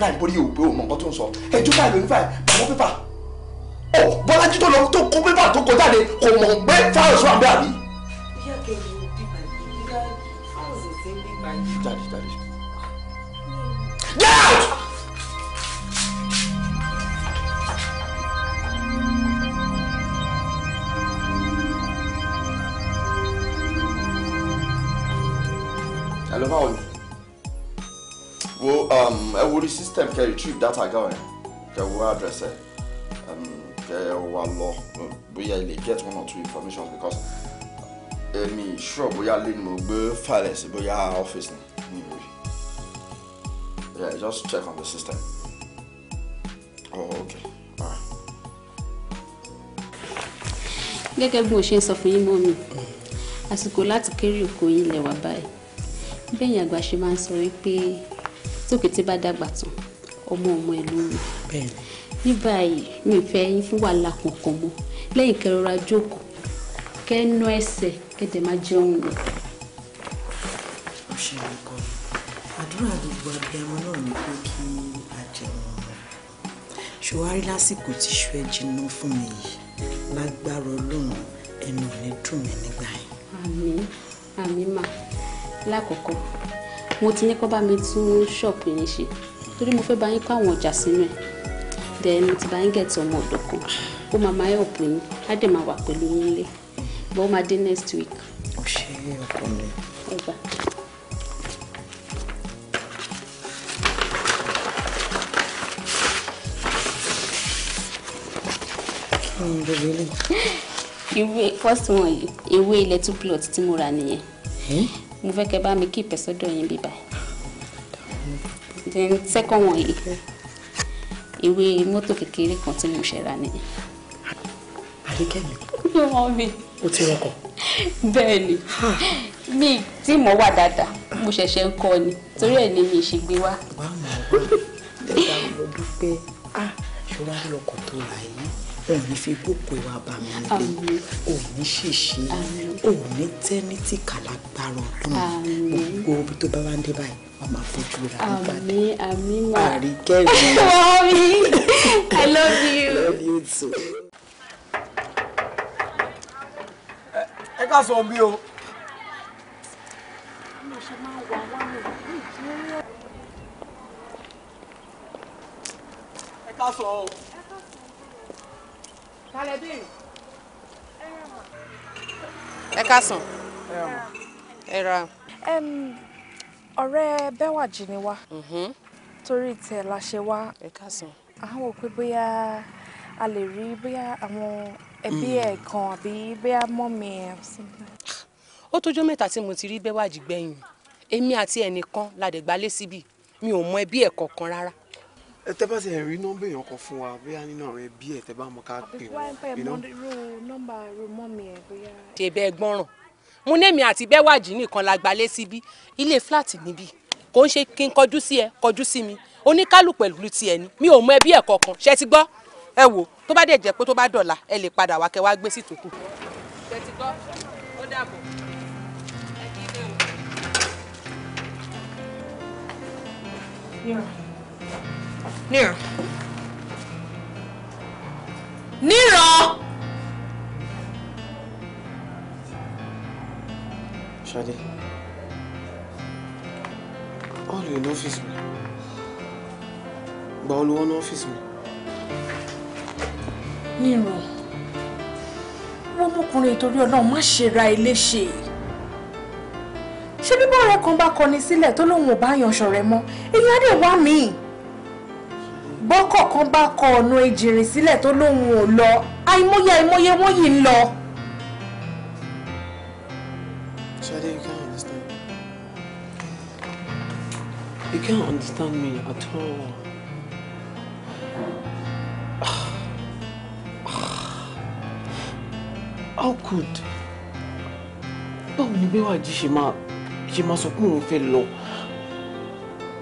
rà ń borí òpè òmò nǹkan tó ń sọ ẹjọ́ fáìlì ní fáìlì bàbá pépà. ọ bọ́lájí tó lọ tó kó pépà tó kó jáde kò mọ̀ pé fáìlì sọ àbẹ́ àbí. Get out! Hello, how are you? Well, um, I will system kẹ retrieve that I got. kẹ wo address it? um, kẹ wa lọ um, bóyá ilé get one or two information because um, èmi sure bóyá lẹ́nu mo gbé file ẹ̀ office ni Yeah, just check on the system. Oh, okay. Alright. Gẹ́gẹ́ bí mo ṣe ń sọ fún yín mọ́ mi, àsìkò láti kéré òkú yín lẹ̀ wá báyìí. Bẹ́ẹ̀yìn àgbà ṣe máa ń sọ wípé tókété bá dàgbà tán, ọmọ ọmọ ẹ̀ ló wù. Ní báyìí, mi fẹ́ yín fún wàhálà kankan mọ́. Lẹ́yìn kẹrọra jókòó, kẹ́nu ẹsẹ̀ kẹ́dẹ̀ máa jẹun lọ. Ó ṣe é àdúrà gbogbo abiyamọ náà ni pé kí a jẹun ṣòwárí lásìkò tíṣú ẹ jiná fún mi yìí lágbára ọlọ́run ẹnu ò ní dùn mí nígbà yẹn. àmín àmín mà lákòókò mo ti ní kó bá mi tún ṣọ́ọ̀pù yẹn ṣe torí mo fẹ́ bá yín kó àwọn ọjà sínú ẹ̀ dẹ̀ mo ti bá gẹ̀ẹ́tì ọmọ ọ̀dọ̀ kan ó máa máa help yín á dẹ̀ máa wà pẹ̀lú yín lé bọ́ ó máa dé next week. ó ṣe é ọkọ mi. ẹ gbà. kí ni gbogbo ilé. ìwé first one ìwé ilẹ̀ two plot tí mo rà nìyẹn mo fẹ́ kẹ́ bá mi kí ìpẹ́sọ́dọ̀ yẹn bíbá then second one ìwé mọ́tò kékeré kan tí mo ṣe rà nìyẹn. àríkẹ́mi. mi. o ti rọkọ̀. bẹ́ẹ̀ ni mi tí mo wà dáadáa mo ṣẹ̀ṣẹ̀ ń kọ́ ni torí ẹ̀ ni mi ṣe gbé wá. báwo ni ọ̀gá ẹ̀ dàgbà mo dúpẹ́ ah, ṣọlá lọkọ̀ tó rà yìí òní fi gòkè wá bá mi nílé òní ṣèṣe òní tẹ́ ní tìkàlà gbàrọ̀ ọdún gbogbo ibi tó bá wá ń dé báyìí wọ́n máa fojú ra nígbàdàn àríkẹ́rì. (laughs) Mommy, I love you. I love you too. ẹ ká sọ bí o. ẹ ká sọ o. Kálẹ̀ béèrè. Ẹ káàsán. Ẹ ra. Ọ̀rẹ́ Bẹ́wàjì ni wá. Mm-hmm. Torí tẹ̀ la ṣe wá. Ẹ káàsán. Àwọn ò pé bóyá a lè rí bóyá àwọn ẹbí mm. ẹ̀ kan àbí bóyá mọ́mì ẹ̀ ó tójọ́ mẹ́ta tí mo ti rí Bẹ́wàjì gbẹ̀yìn èmi àti ẹnìkan la dẹ̀ gbálé síbi mi ò mọ ẹbí ẹ̀ kọ̀ọ̀kan rárá ẹ tẹ bá ṣe rí nọ́mbà èèyàn kan fún wa bóyá nínú àwọn ẹbí ẹ tẹ bá mọ ká pè wọn. tèbẹ́ gbọ́ràn mo némi àti bẹ́wàjì nìkan la gbalẹ̀ síbí ilé fúláàtì níbí kò ń ṣe kí n kọjú sí ẹ kọjú sí mi oníkálù pẹ̀lú tiẹ̀ ni mi ò mọ ẹbí ẹ̀ kankan ṣe ti gbọ́ ẹ wò tó bá dẹ̀ jẹ́ pé tó bá dọ̀la ẹ lè padà wá kẹ wá gbé sí tòkù. ṣe ti gbọ́ ó dàbọ̀. Yeah. Nero, Nero! Ṣadé. All you know office mi. Gba olówó ní ọ́fíìsì mi. Nírọ̀. Rọ́mọkùnrin torí Ọlọ́run má ṣe ra ilé ṣe ṣé bíbọ̀ rẹ kan bá kọni sílẹ̀ tó lóun ò bá yan ṣọ̀rẹ́ mọ́ èyí á dẹ̀ wá míì bọ́kọ̀ kan bá kọ ọ̀nà ìjìnrìn sílẹ̀ tó lóun ò lọ àìmọye àìmọye wọ́n yìí ń lọ. you can't understand. me at all. How could? Báwo ni Béwàjí ṣe máa ṣe máa sọ pé òun fẹ́ lọ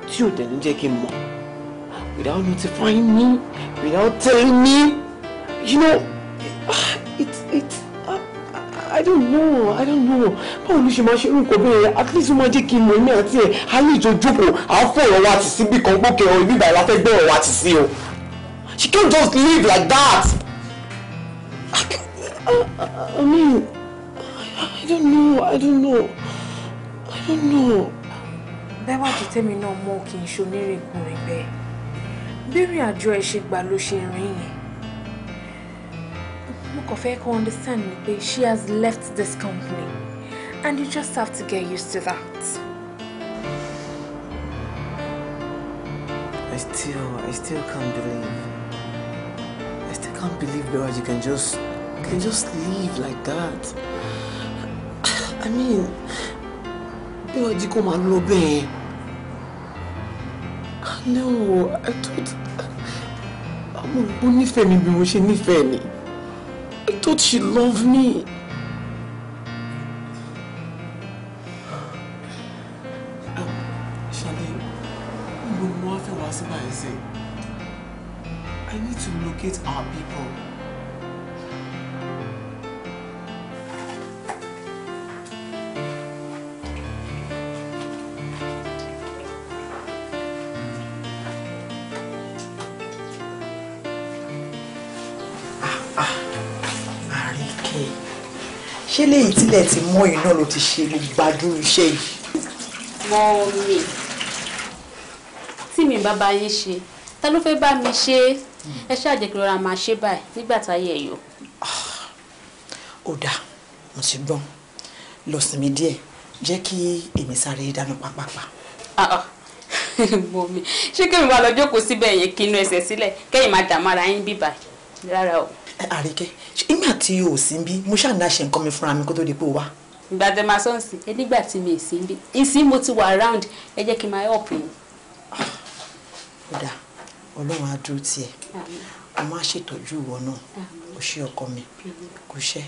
tí ò dẹ̀ ní jẹ́ kí n mọ̀? without notifying me, without telling me. You know, it's, it's, I, I don't know, I don't know. Báwo ni ṣe máa ṣe irú at least you máa jẹ́ kí n mọ ẹ̀mí àti ẹ̀ á lè jọ jókòó à ń fọ ọ̀rọ̀ wa ti sí bí kan gbókè ọ̀rọ̀ ìbí ìbàlá fẹ́ gbọ́ She can't just live like that. I, I, I mean, I don't know, I don't know, I don't know. Bẹ́wàjì tẹ́mi náà mọ́ kì í ṣonírìnkùnrin bẹ́ẹ̀ bírìn àjọ ẹ ṣe gbà ló ṣe rìn yẹn mo kàn fẹ́ kó understand ni pé she has left this company and you just have to get used to that. I still, I still can't believe. I still can't believe Bewaj you can just, you can just leave like that. (sighs) I mean, you come and love me no i thought I'm ó nífẹ̀ẹ́ mi she. mo ṣe i thought she loved me. ṣàlẹ̀ gbogbo wa fẹ́ wá sí báyìí i need to locate our people. tilẹ̀ ti mọ́ yìí náà ló ti ṣe gbàdúrú iṣẹ́ yìí. mọ́mí tí mi bá bá yín ṣe ta ló fẹ́ bá mi ṣe ẹ ṣáà jẹ́ kí lọ́ra máa ṣe báyìí nígbà táyé ẹ̀ yọ. Ah, ó dáa mo ti gbọ́n lọ sinmi díẹ̀ jẹ́ kí èmi sáré dáná pápápá. Ah, ah. (laughs) mọ́mí ṣé kí mi wá lọ jókòó síbẹ̀ yẹn kí inú ẹsẹ̀ sílẹ̀ kẹ́yìn máa dààmú ara yín bíbá rárá o. àríkẹ́ èmi àti o sì bí mo ṣáà ní àṣẹ nǹkan mi fúnra mi kó tó di o wá. máa sọ ẹ nígbà tí mi ì sí mo ti wà ẹ jẹ́ kí n máa help yín. kódà ọlọ́run á dúró tiẹ̀ a máa ṣètọ́jú ìwọ náà kò ṣe ọkọ mi kò ṣe.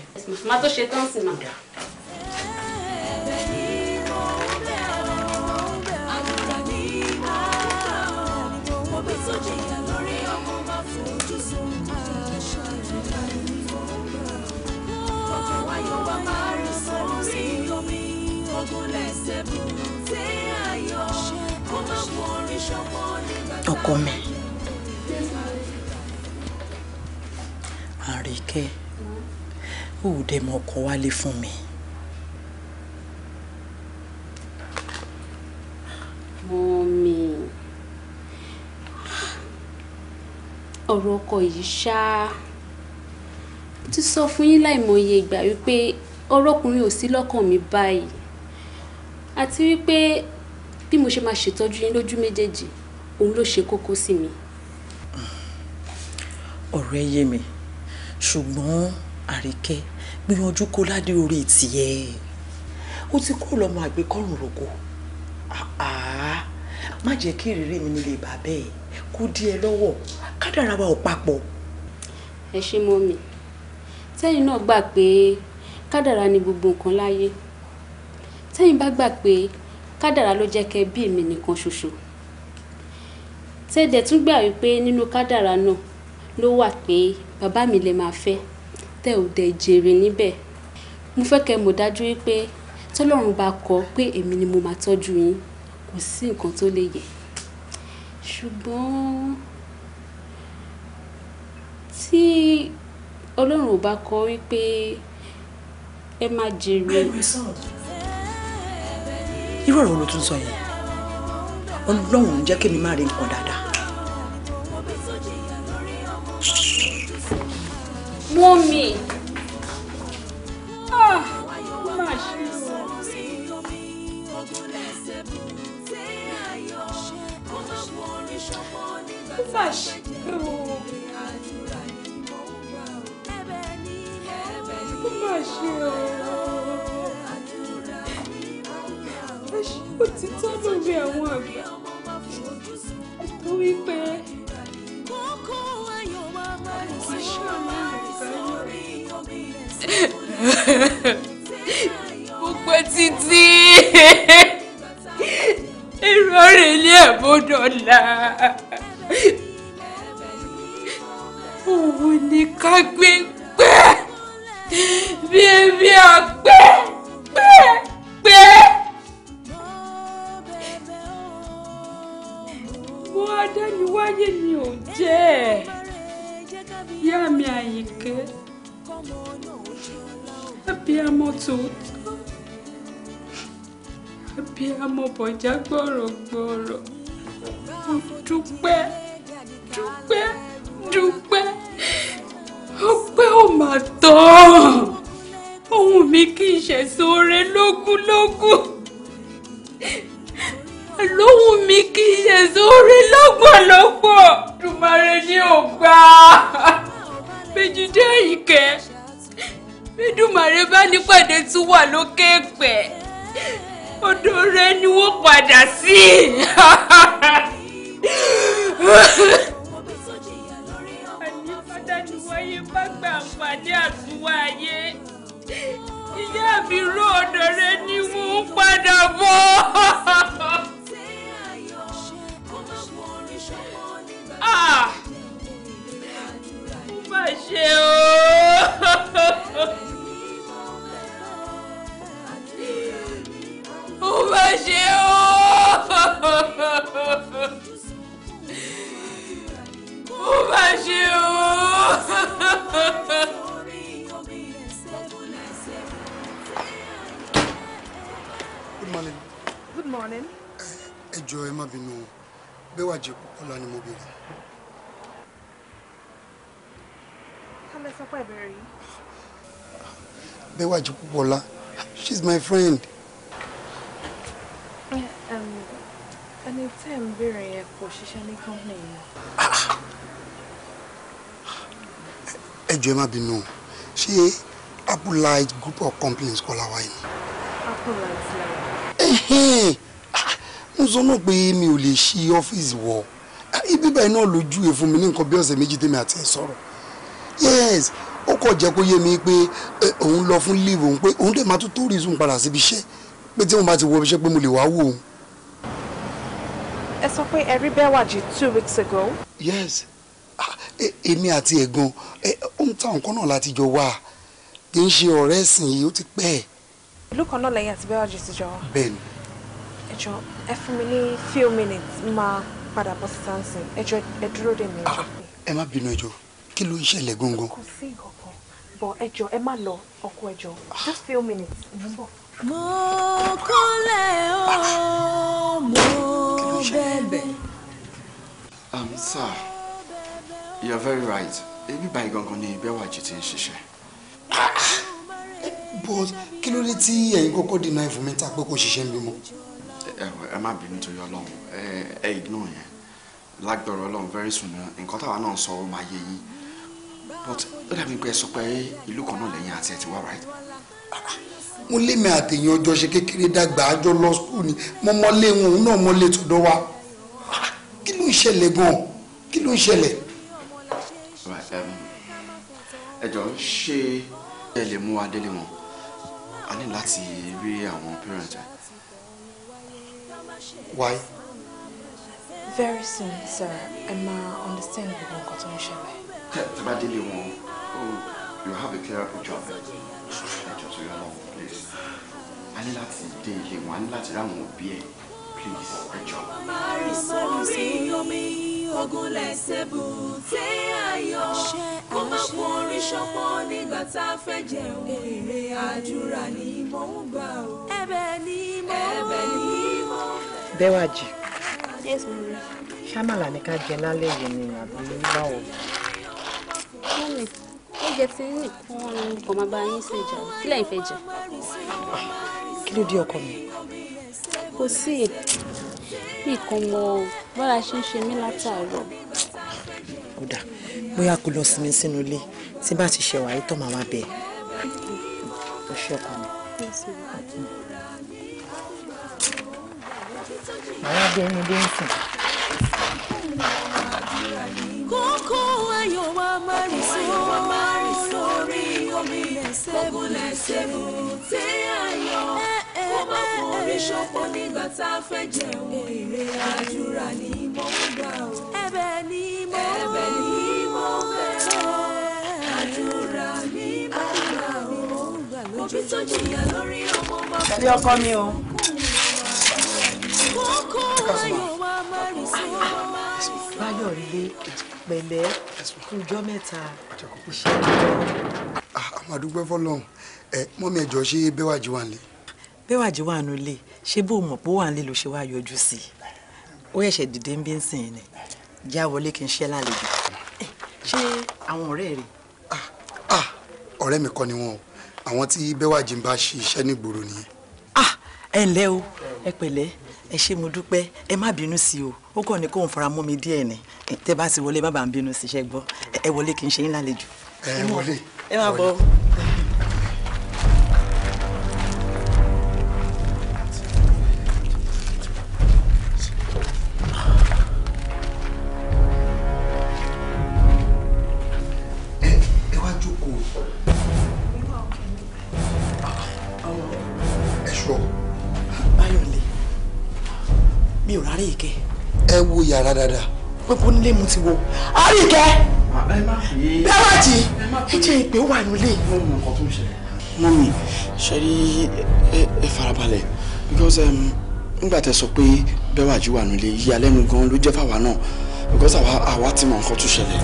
ọkọ mi àríkẹ́ ò dẹ̀ mọ ọkọ wálé fún mi. mọ́mí ọ̀rọ̀ ọkọ yìí ṣá mo ti sọ fún yín láìmọye ìgbà wípé ọ̀rọ̀ ọkùnrin ò sí lọ́kàn mi báyìí àti wípé bí mo ṣe máa ṣètọ́jú yín lójú méjèèjì òun ló ṣe kókó sí mi. ọ̀rọ̀ ẹ yé mi ṣùgbọ́n àríkẹ́ gbìyànjú kó ládé orí tiẹ̀ ó ti kúrò lọ́mọ àgbékọ́rùn rògbò má jẹ́ kí ìrírí mi nílé bàbá ẹ̀ kó dí lọ́wọ́ kádàrá wa ò papọ̀. ẹ ṣé mọ́mì tẹ́yìn náà gbà pé kádàrá ni gbogbo nǹkan láyé tẹ́yìn bá gbà pé kádàrá ló jẹ́ kẹ́ bí èmi nìkan ṣoṣo tẹ́dẹ̀ tún gbà wípé nínú kádàrá náà ló wà pé bàbá mi lè máa fẹ́ tẹ́ ò dẹ̀ jèrè níbẹ̀ mo fẹ́ kẹ́ mọ̀ dájú wípé tọ́lọ́run bá kọ pé èmi ni mo máa tọ́jú yín kò sí nǹkan tó lè yẹ ṣùgbọ́n tí ọlọ́run ò bá kọ wípé ẹ máa jèrè irú ọ̀rọ̀ ló tún sọ yẹn ọlọ́run ń jẹ́ kémi má rí nǹkan dáadáa. mọ́mì ah, ó mà ṣe o. Ó ṣe o. ó ti tọ́ lórí àwọn àgbà torí pé kì í ṣàmì àgbáyọ. gbogbo títí irọ́ rẹ̀ ní ẹ̀bùdọ̀là òun ni ká gbé pẹ́ bí ebi àpẹ́ pẹ́ pẹ́. ṣùgbọ́n adániwáyé ni ò jẹ́ ẹ̀ yá mi àyìnkẹ́ abiyamọ tòótọ́ abiyamọ bọ̀já gbọ̀rọ̀gbọ̀rọ̀ dúpẹ́ dúpẹ́ dúpẹ́ ọpẹ́ ò mà tán ohun mi kì í ṣẹ̀sọ́ rẹ lógúnlógún. sórí lọ́pọ̀lọpọ̀ dùmarè ní ògbà méjìdé ìkẹ́ bí dùmarè bá ní pàdé tún wà lókè pẹ̀ odò rẹ ni wọ́n padà sí. àní padà ni wáyé bá gbà ìyá mi ró ọ̀dọ̀ rẹ ni mò ń padà bọ̀. Ah! mo bá ṣe o Good morning. Good morning. Enjoy my ẹ Béwàjì Òpópónà ni mo béèrè. Kálẹ̀ sọ pé ìbéèrè yìí. Béwàjì Òpópónà, she's my friend. Ẹni tẹ́ ń béèrè yẹn kò ṣiṣẹ́ ní kọ́mpìnì yìí. Ẹ jọ̀ọ́ ẹ má bínú, ṣé Apple Light Group of Companies kọ́ la wáyé Apple Light Light mo sọ náà pé mi ò lè ṣí ọ́fíìsì wọ ah, ibi báyìí náà lójú ẹ mi ní nǹkan bí ọ̀sẹ̀ méjì tèmi àti ẹ̀ sọ̀rọ̀ yes ó kọ̀ jẹ́ kó yé mi pé eh, òun lọ fún leave òun pé òun dẹ̀ máa tún tó reason padà síbi iṣẹ́ pé tí mo bá ti wọ iṣẹ́ pé mo lè wá wò òun. ẹ sọ pé ẹ rí Bẹ́wàjì two weeks ago. yes ah, e, èmi àti ẹ̀gbọ́n ó ń ta nǹkan náà láti jọ wá kì í ṣe ọ̀rẹ́ ẹ̀sìn yìí ó ti pẹ́ ẹ̀. ìlú kan náà lẹ́yìn àti Bẹ́wàjì ti jọ wá. bẹ́ẹ̀ni ẹ jọ̀ọ́ ẹ fún mi ní few minutes máa padà bọ́ sí sánsìn ẹ jọ̀ọ́ ẹ dúró dè mí ẹ ah, jọ̀ọ́. ẹ má bínú ẹ jọ̀ọ́ kí ló ń ṣẹlẹ̀ gangan. kò sí ìkọ̀kan bọ̀ ẹ ẹ má lọ ọkọ ẹ just few minutes mo ń bọ̀. mo kúnlẹ̀ o mo bẹ̀bẹ̀. am um, sir you are very right ebi báyìí gangan ni ìgbẹ́wàjì ti ń ṣiṣẹ́. Ah! but kí ló dé tí ẹ̀yin kọ́kọ́ deny fún mi ta pé kò ṣiṣẹ́ ń bímọ ẹ má bínú torí ọlọ́run ẹ ignore yẹn lágbára ọlọ́run very soon nǹkan táwa náà sọ ó máa yé yín but ó dàbí pé ẹ sọ pé ìlú kan náà lẹ́yìn àti ẹ ti wá right. mo lé mi àtẹ̀yìn ọjọ́ ṣe kékeré dàgbà àjọ lọ school ni mo mọ́lé òun náà mọ́lé tọ̀dọ̀ wa kí ló ń ṣẹlẹ̀ gan-an kí ló ń ṣẹlẹ̀. Um, ẹ jọ ṣé ẹ lè mú wa délé wọn a ní láti rí àwọn parents ẹ. Why? Very soon, sir, ẹ understand gbogbo won't tó ń ṣẹlẹ̀. Tẹ bá you have a clearer picture of it. Ẹjọ́ tó yọ lọ́wọ́, please. I need that dé ilé wọn, a ní láti ráwọn òbí ẹ̀, please, ẹjọ́. Ogun lẹ́sẹ̀ bù tẹ́ ayọ̀, kó má kú orí ṣọpọ̀ nígbà tá a fẹ́ jẹun. Èrè ni mò ń gbà o. Ẹ̀bẹ̀ ni mò Adéwàjì. Yes, mami. Ṣámàlà ni ká jẹ lálẹ́ yìí ni àbí báwo? Mami, ó jẹ ti nìkan kò máa bá yín sí ìjà. Kí lẹ́yìn fẹ́ jẹ? Kí ló dé ọkọ mi? Kò sí nìkan mọ bọ́lá ṣe ń ṣe mí látàárọ̀. Ó dà, bóyá kò lọ sinmi sínú ilé tí bá ti ṣe wàyí tó màmá bẹ̀. Ó ṣe ọkọ mi. Yes, ma'am. màá bí ẹni dé ń sìn. kókó ayọ̀ wa máa rì sórí omi lẹ́sẹ̀ mú tẹ́ ayọ̀ kó má kó orí ṣòfò nígbà tá a fẹ́ jẹun èrè àdúrà ni mo ń gbà ó. ẹ̀bẹ̀ ni mo ń bẹ̀ ọ́ àdúrà ni mo ń gbà ó. òbí tó jìyà lórí ọmọ bàbá. ẹ̀rí ọkọ mi o báyọ̀ rílé pẹ̀lẹ́ kújọ́ mẹ́ta iṣẹ́ ìjọba. Ah, àmọ́ dúpẹ́ fọlọ́run ẹ mọ́mí ẹ̀jọ́ ṣé bẹ́wàjì wà nílé. bẹ́wàjì wà nílé ṣé bó mọ̀ pé wà nílé ló ṣe wá yọjú sí i ó yẹ̀ṣẹ̀ dìde ń bí ń sìn ní já wọlé kí n ṣẹ́ lálejò eh, ṣé àwọn ọ̀rẹ́ rẹ̀. Ah, ah, ọ̀rẹ́ mi kọ́ ni wọn o àwọn tí bẹ́wàjì ń bá ṣiṣẹ́ nígboro nìyẹn. ẹ ǹlẹ́ o ẹ pẹ̀lẹ́ ẹ ṣé mo dúpẹ́ ẹ má bínú sí o ó kàn ní kó n fara mọ́ mi díẹ̀ ni tẹ́ bá ti wọlé bàbá ń bínú sí iṣẹ́ gbọ́ ẹ wọlé kì í ṣe yín lálejò. ẹ wọlé ẹ má bọ̀. Sure mi ò rárí ìkẹ́. ẹ wo yàrá dáadáa. pépó nílé mu ti wo àárí ìkẹ́. bẹ́wàjì ẹ jẹ́ ìpè wà nílé. mọ́mí ṣẹ́rí ẹ farabalẹ̀ because um, nígbà tẹ sọ pé bẹ́wàjì wà nílé ìyàlẹ́nu gan ló jẹ́ fáwa náà because àwa ti mọ nǹkan tó ṣẹlẹ̀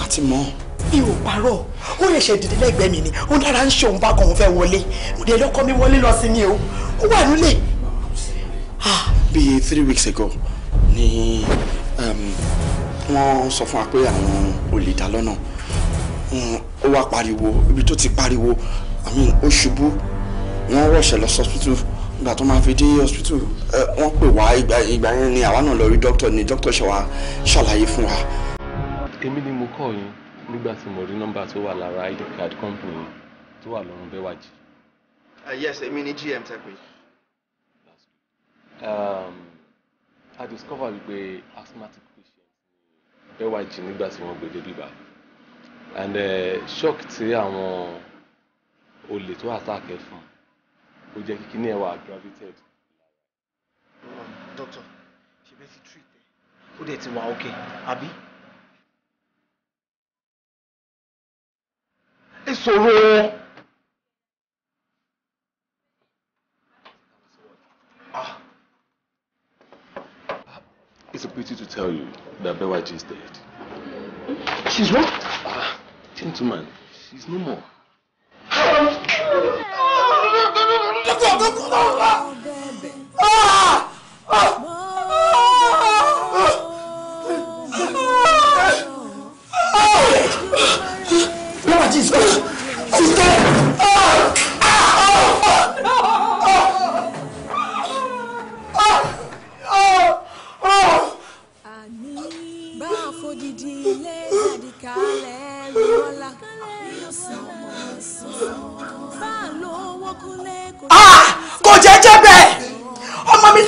àti mọ́ mi ò parọ́ ó lè ṣe dìde lẹ́gbẹ̀ẹ́ mi ni ó dára ń ṣe òun bá kan òun fẹ́ wọlé mo dé lọ́kọ́ mi wọlé lọ sí ni o ó wà nílé bíi three weeks ago ni um, wọ́n sọ fún wa pé àwọn olùdálọ́nà um, ó wá pariwo ibi tó ti pariwo i mean ó ṣubú wọ́n wọ̀ṣẹ̀ lọ hospital ìgbà tó máa fi dé hospital wọ́n pè wá ìgbà yẹn ni àwa náà lọ rí doctor ni doctor ṣe wá ṣàlàyé fún wa. èmi ni mo kọ́ yín nígbà tí mo rí nọ́mbà tó wà lára id card company tó wà lọ́rùn bẹ́wàjì. Uh, yes èmi ni gm tẹ́ um, a discover wípé asthmatic patient ni Bewaji nígbà tí wọ́n gbé débi bá and uh, shock tí àwọn olè tó attack ẹ fún ó jẹ́ kí kíní ẹ̀ wà aggravated. Um, doctor ṣe bẹ́ẹ̀ ti treat ẹ̀ ó dẹ̀ ti wà okay àbí. ìṣòro wọn. It's a pity to tell you that Bewaji is dead. She's what? Ah, gentleman, she's no more.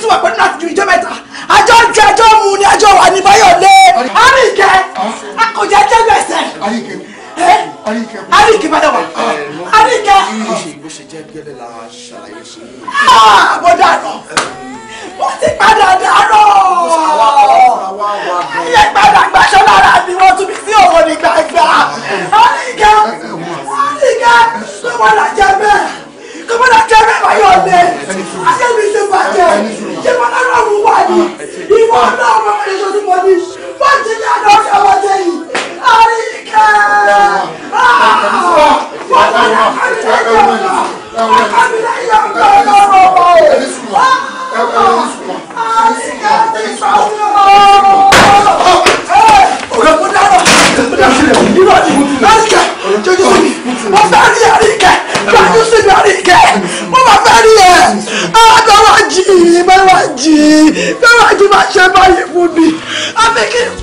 tún wà pẹ̀lú láti ju ìjọ mẹ́ta àjọ ń jẹ àjọ mu ni àjọ wà ní báyọ̀lé àríkẹ́ akọ̀jẹ́ jẹ́ gbèsè àríkẹ́ padà wà àríkẹ́. bó ṣe jẹ́ gẹ́lẹ́ la ṣàlàyé sí i. Ah, mo dànù mo ti padà dànù. ayé padà gbàṣọ lára mi wọ́n tún mi sí òun ní gbàgbà àríkẹ́ àríkẹ́ ló wọ́n lọ jẹ́. má ṣe báyìí fún mi àfi kí n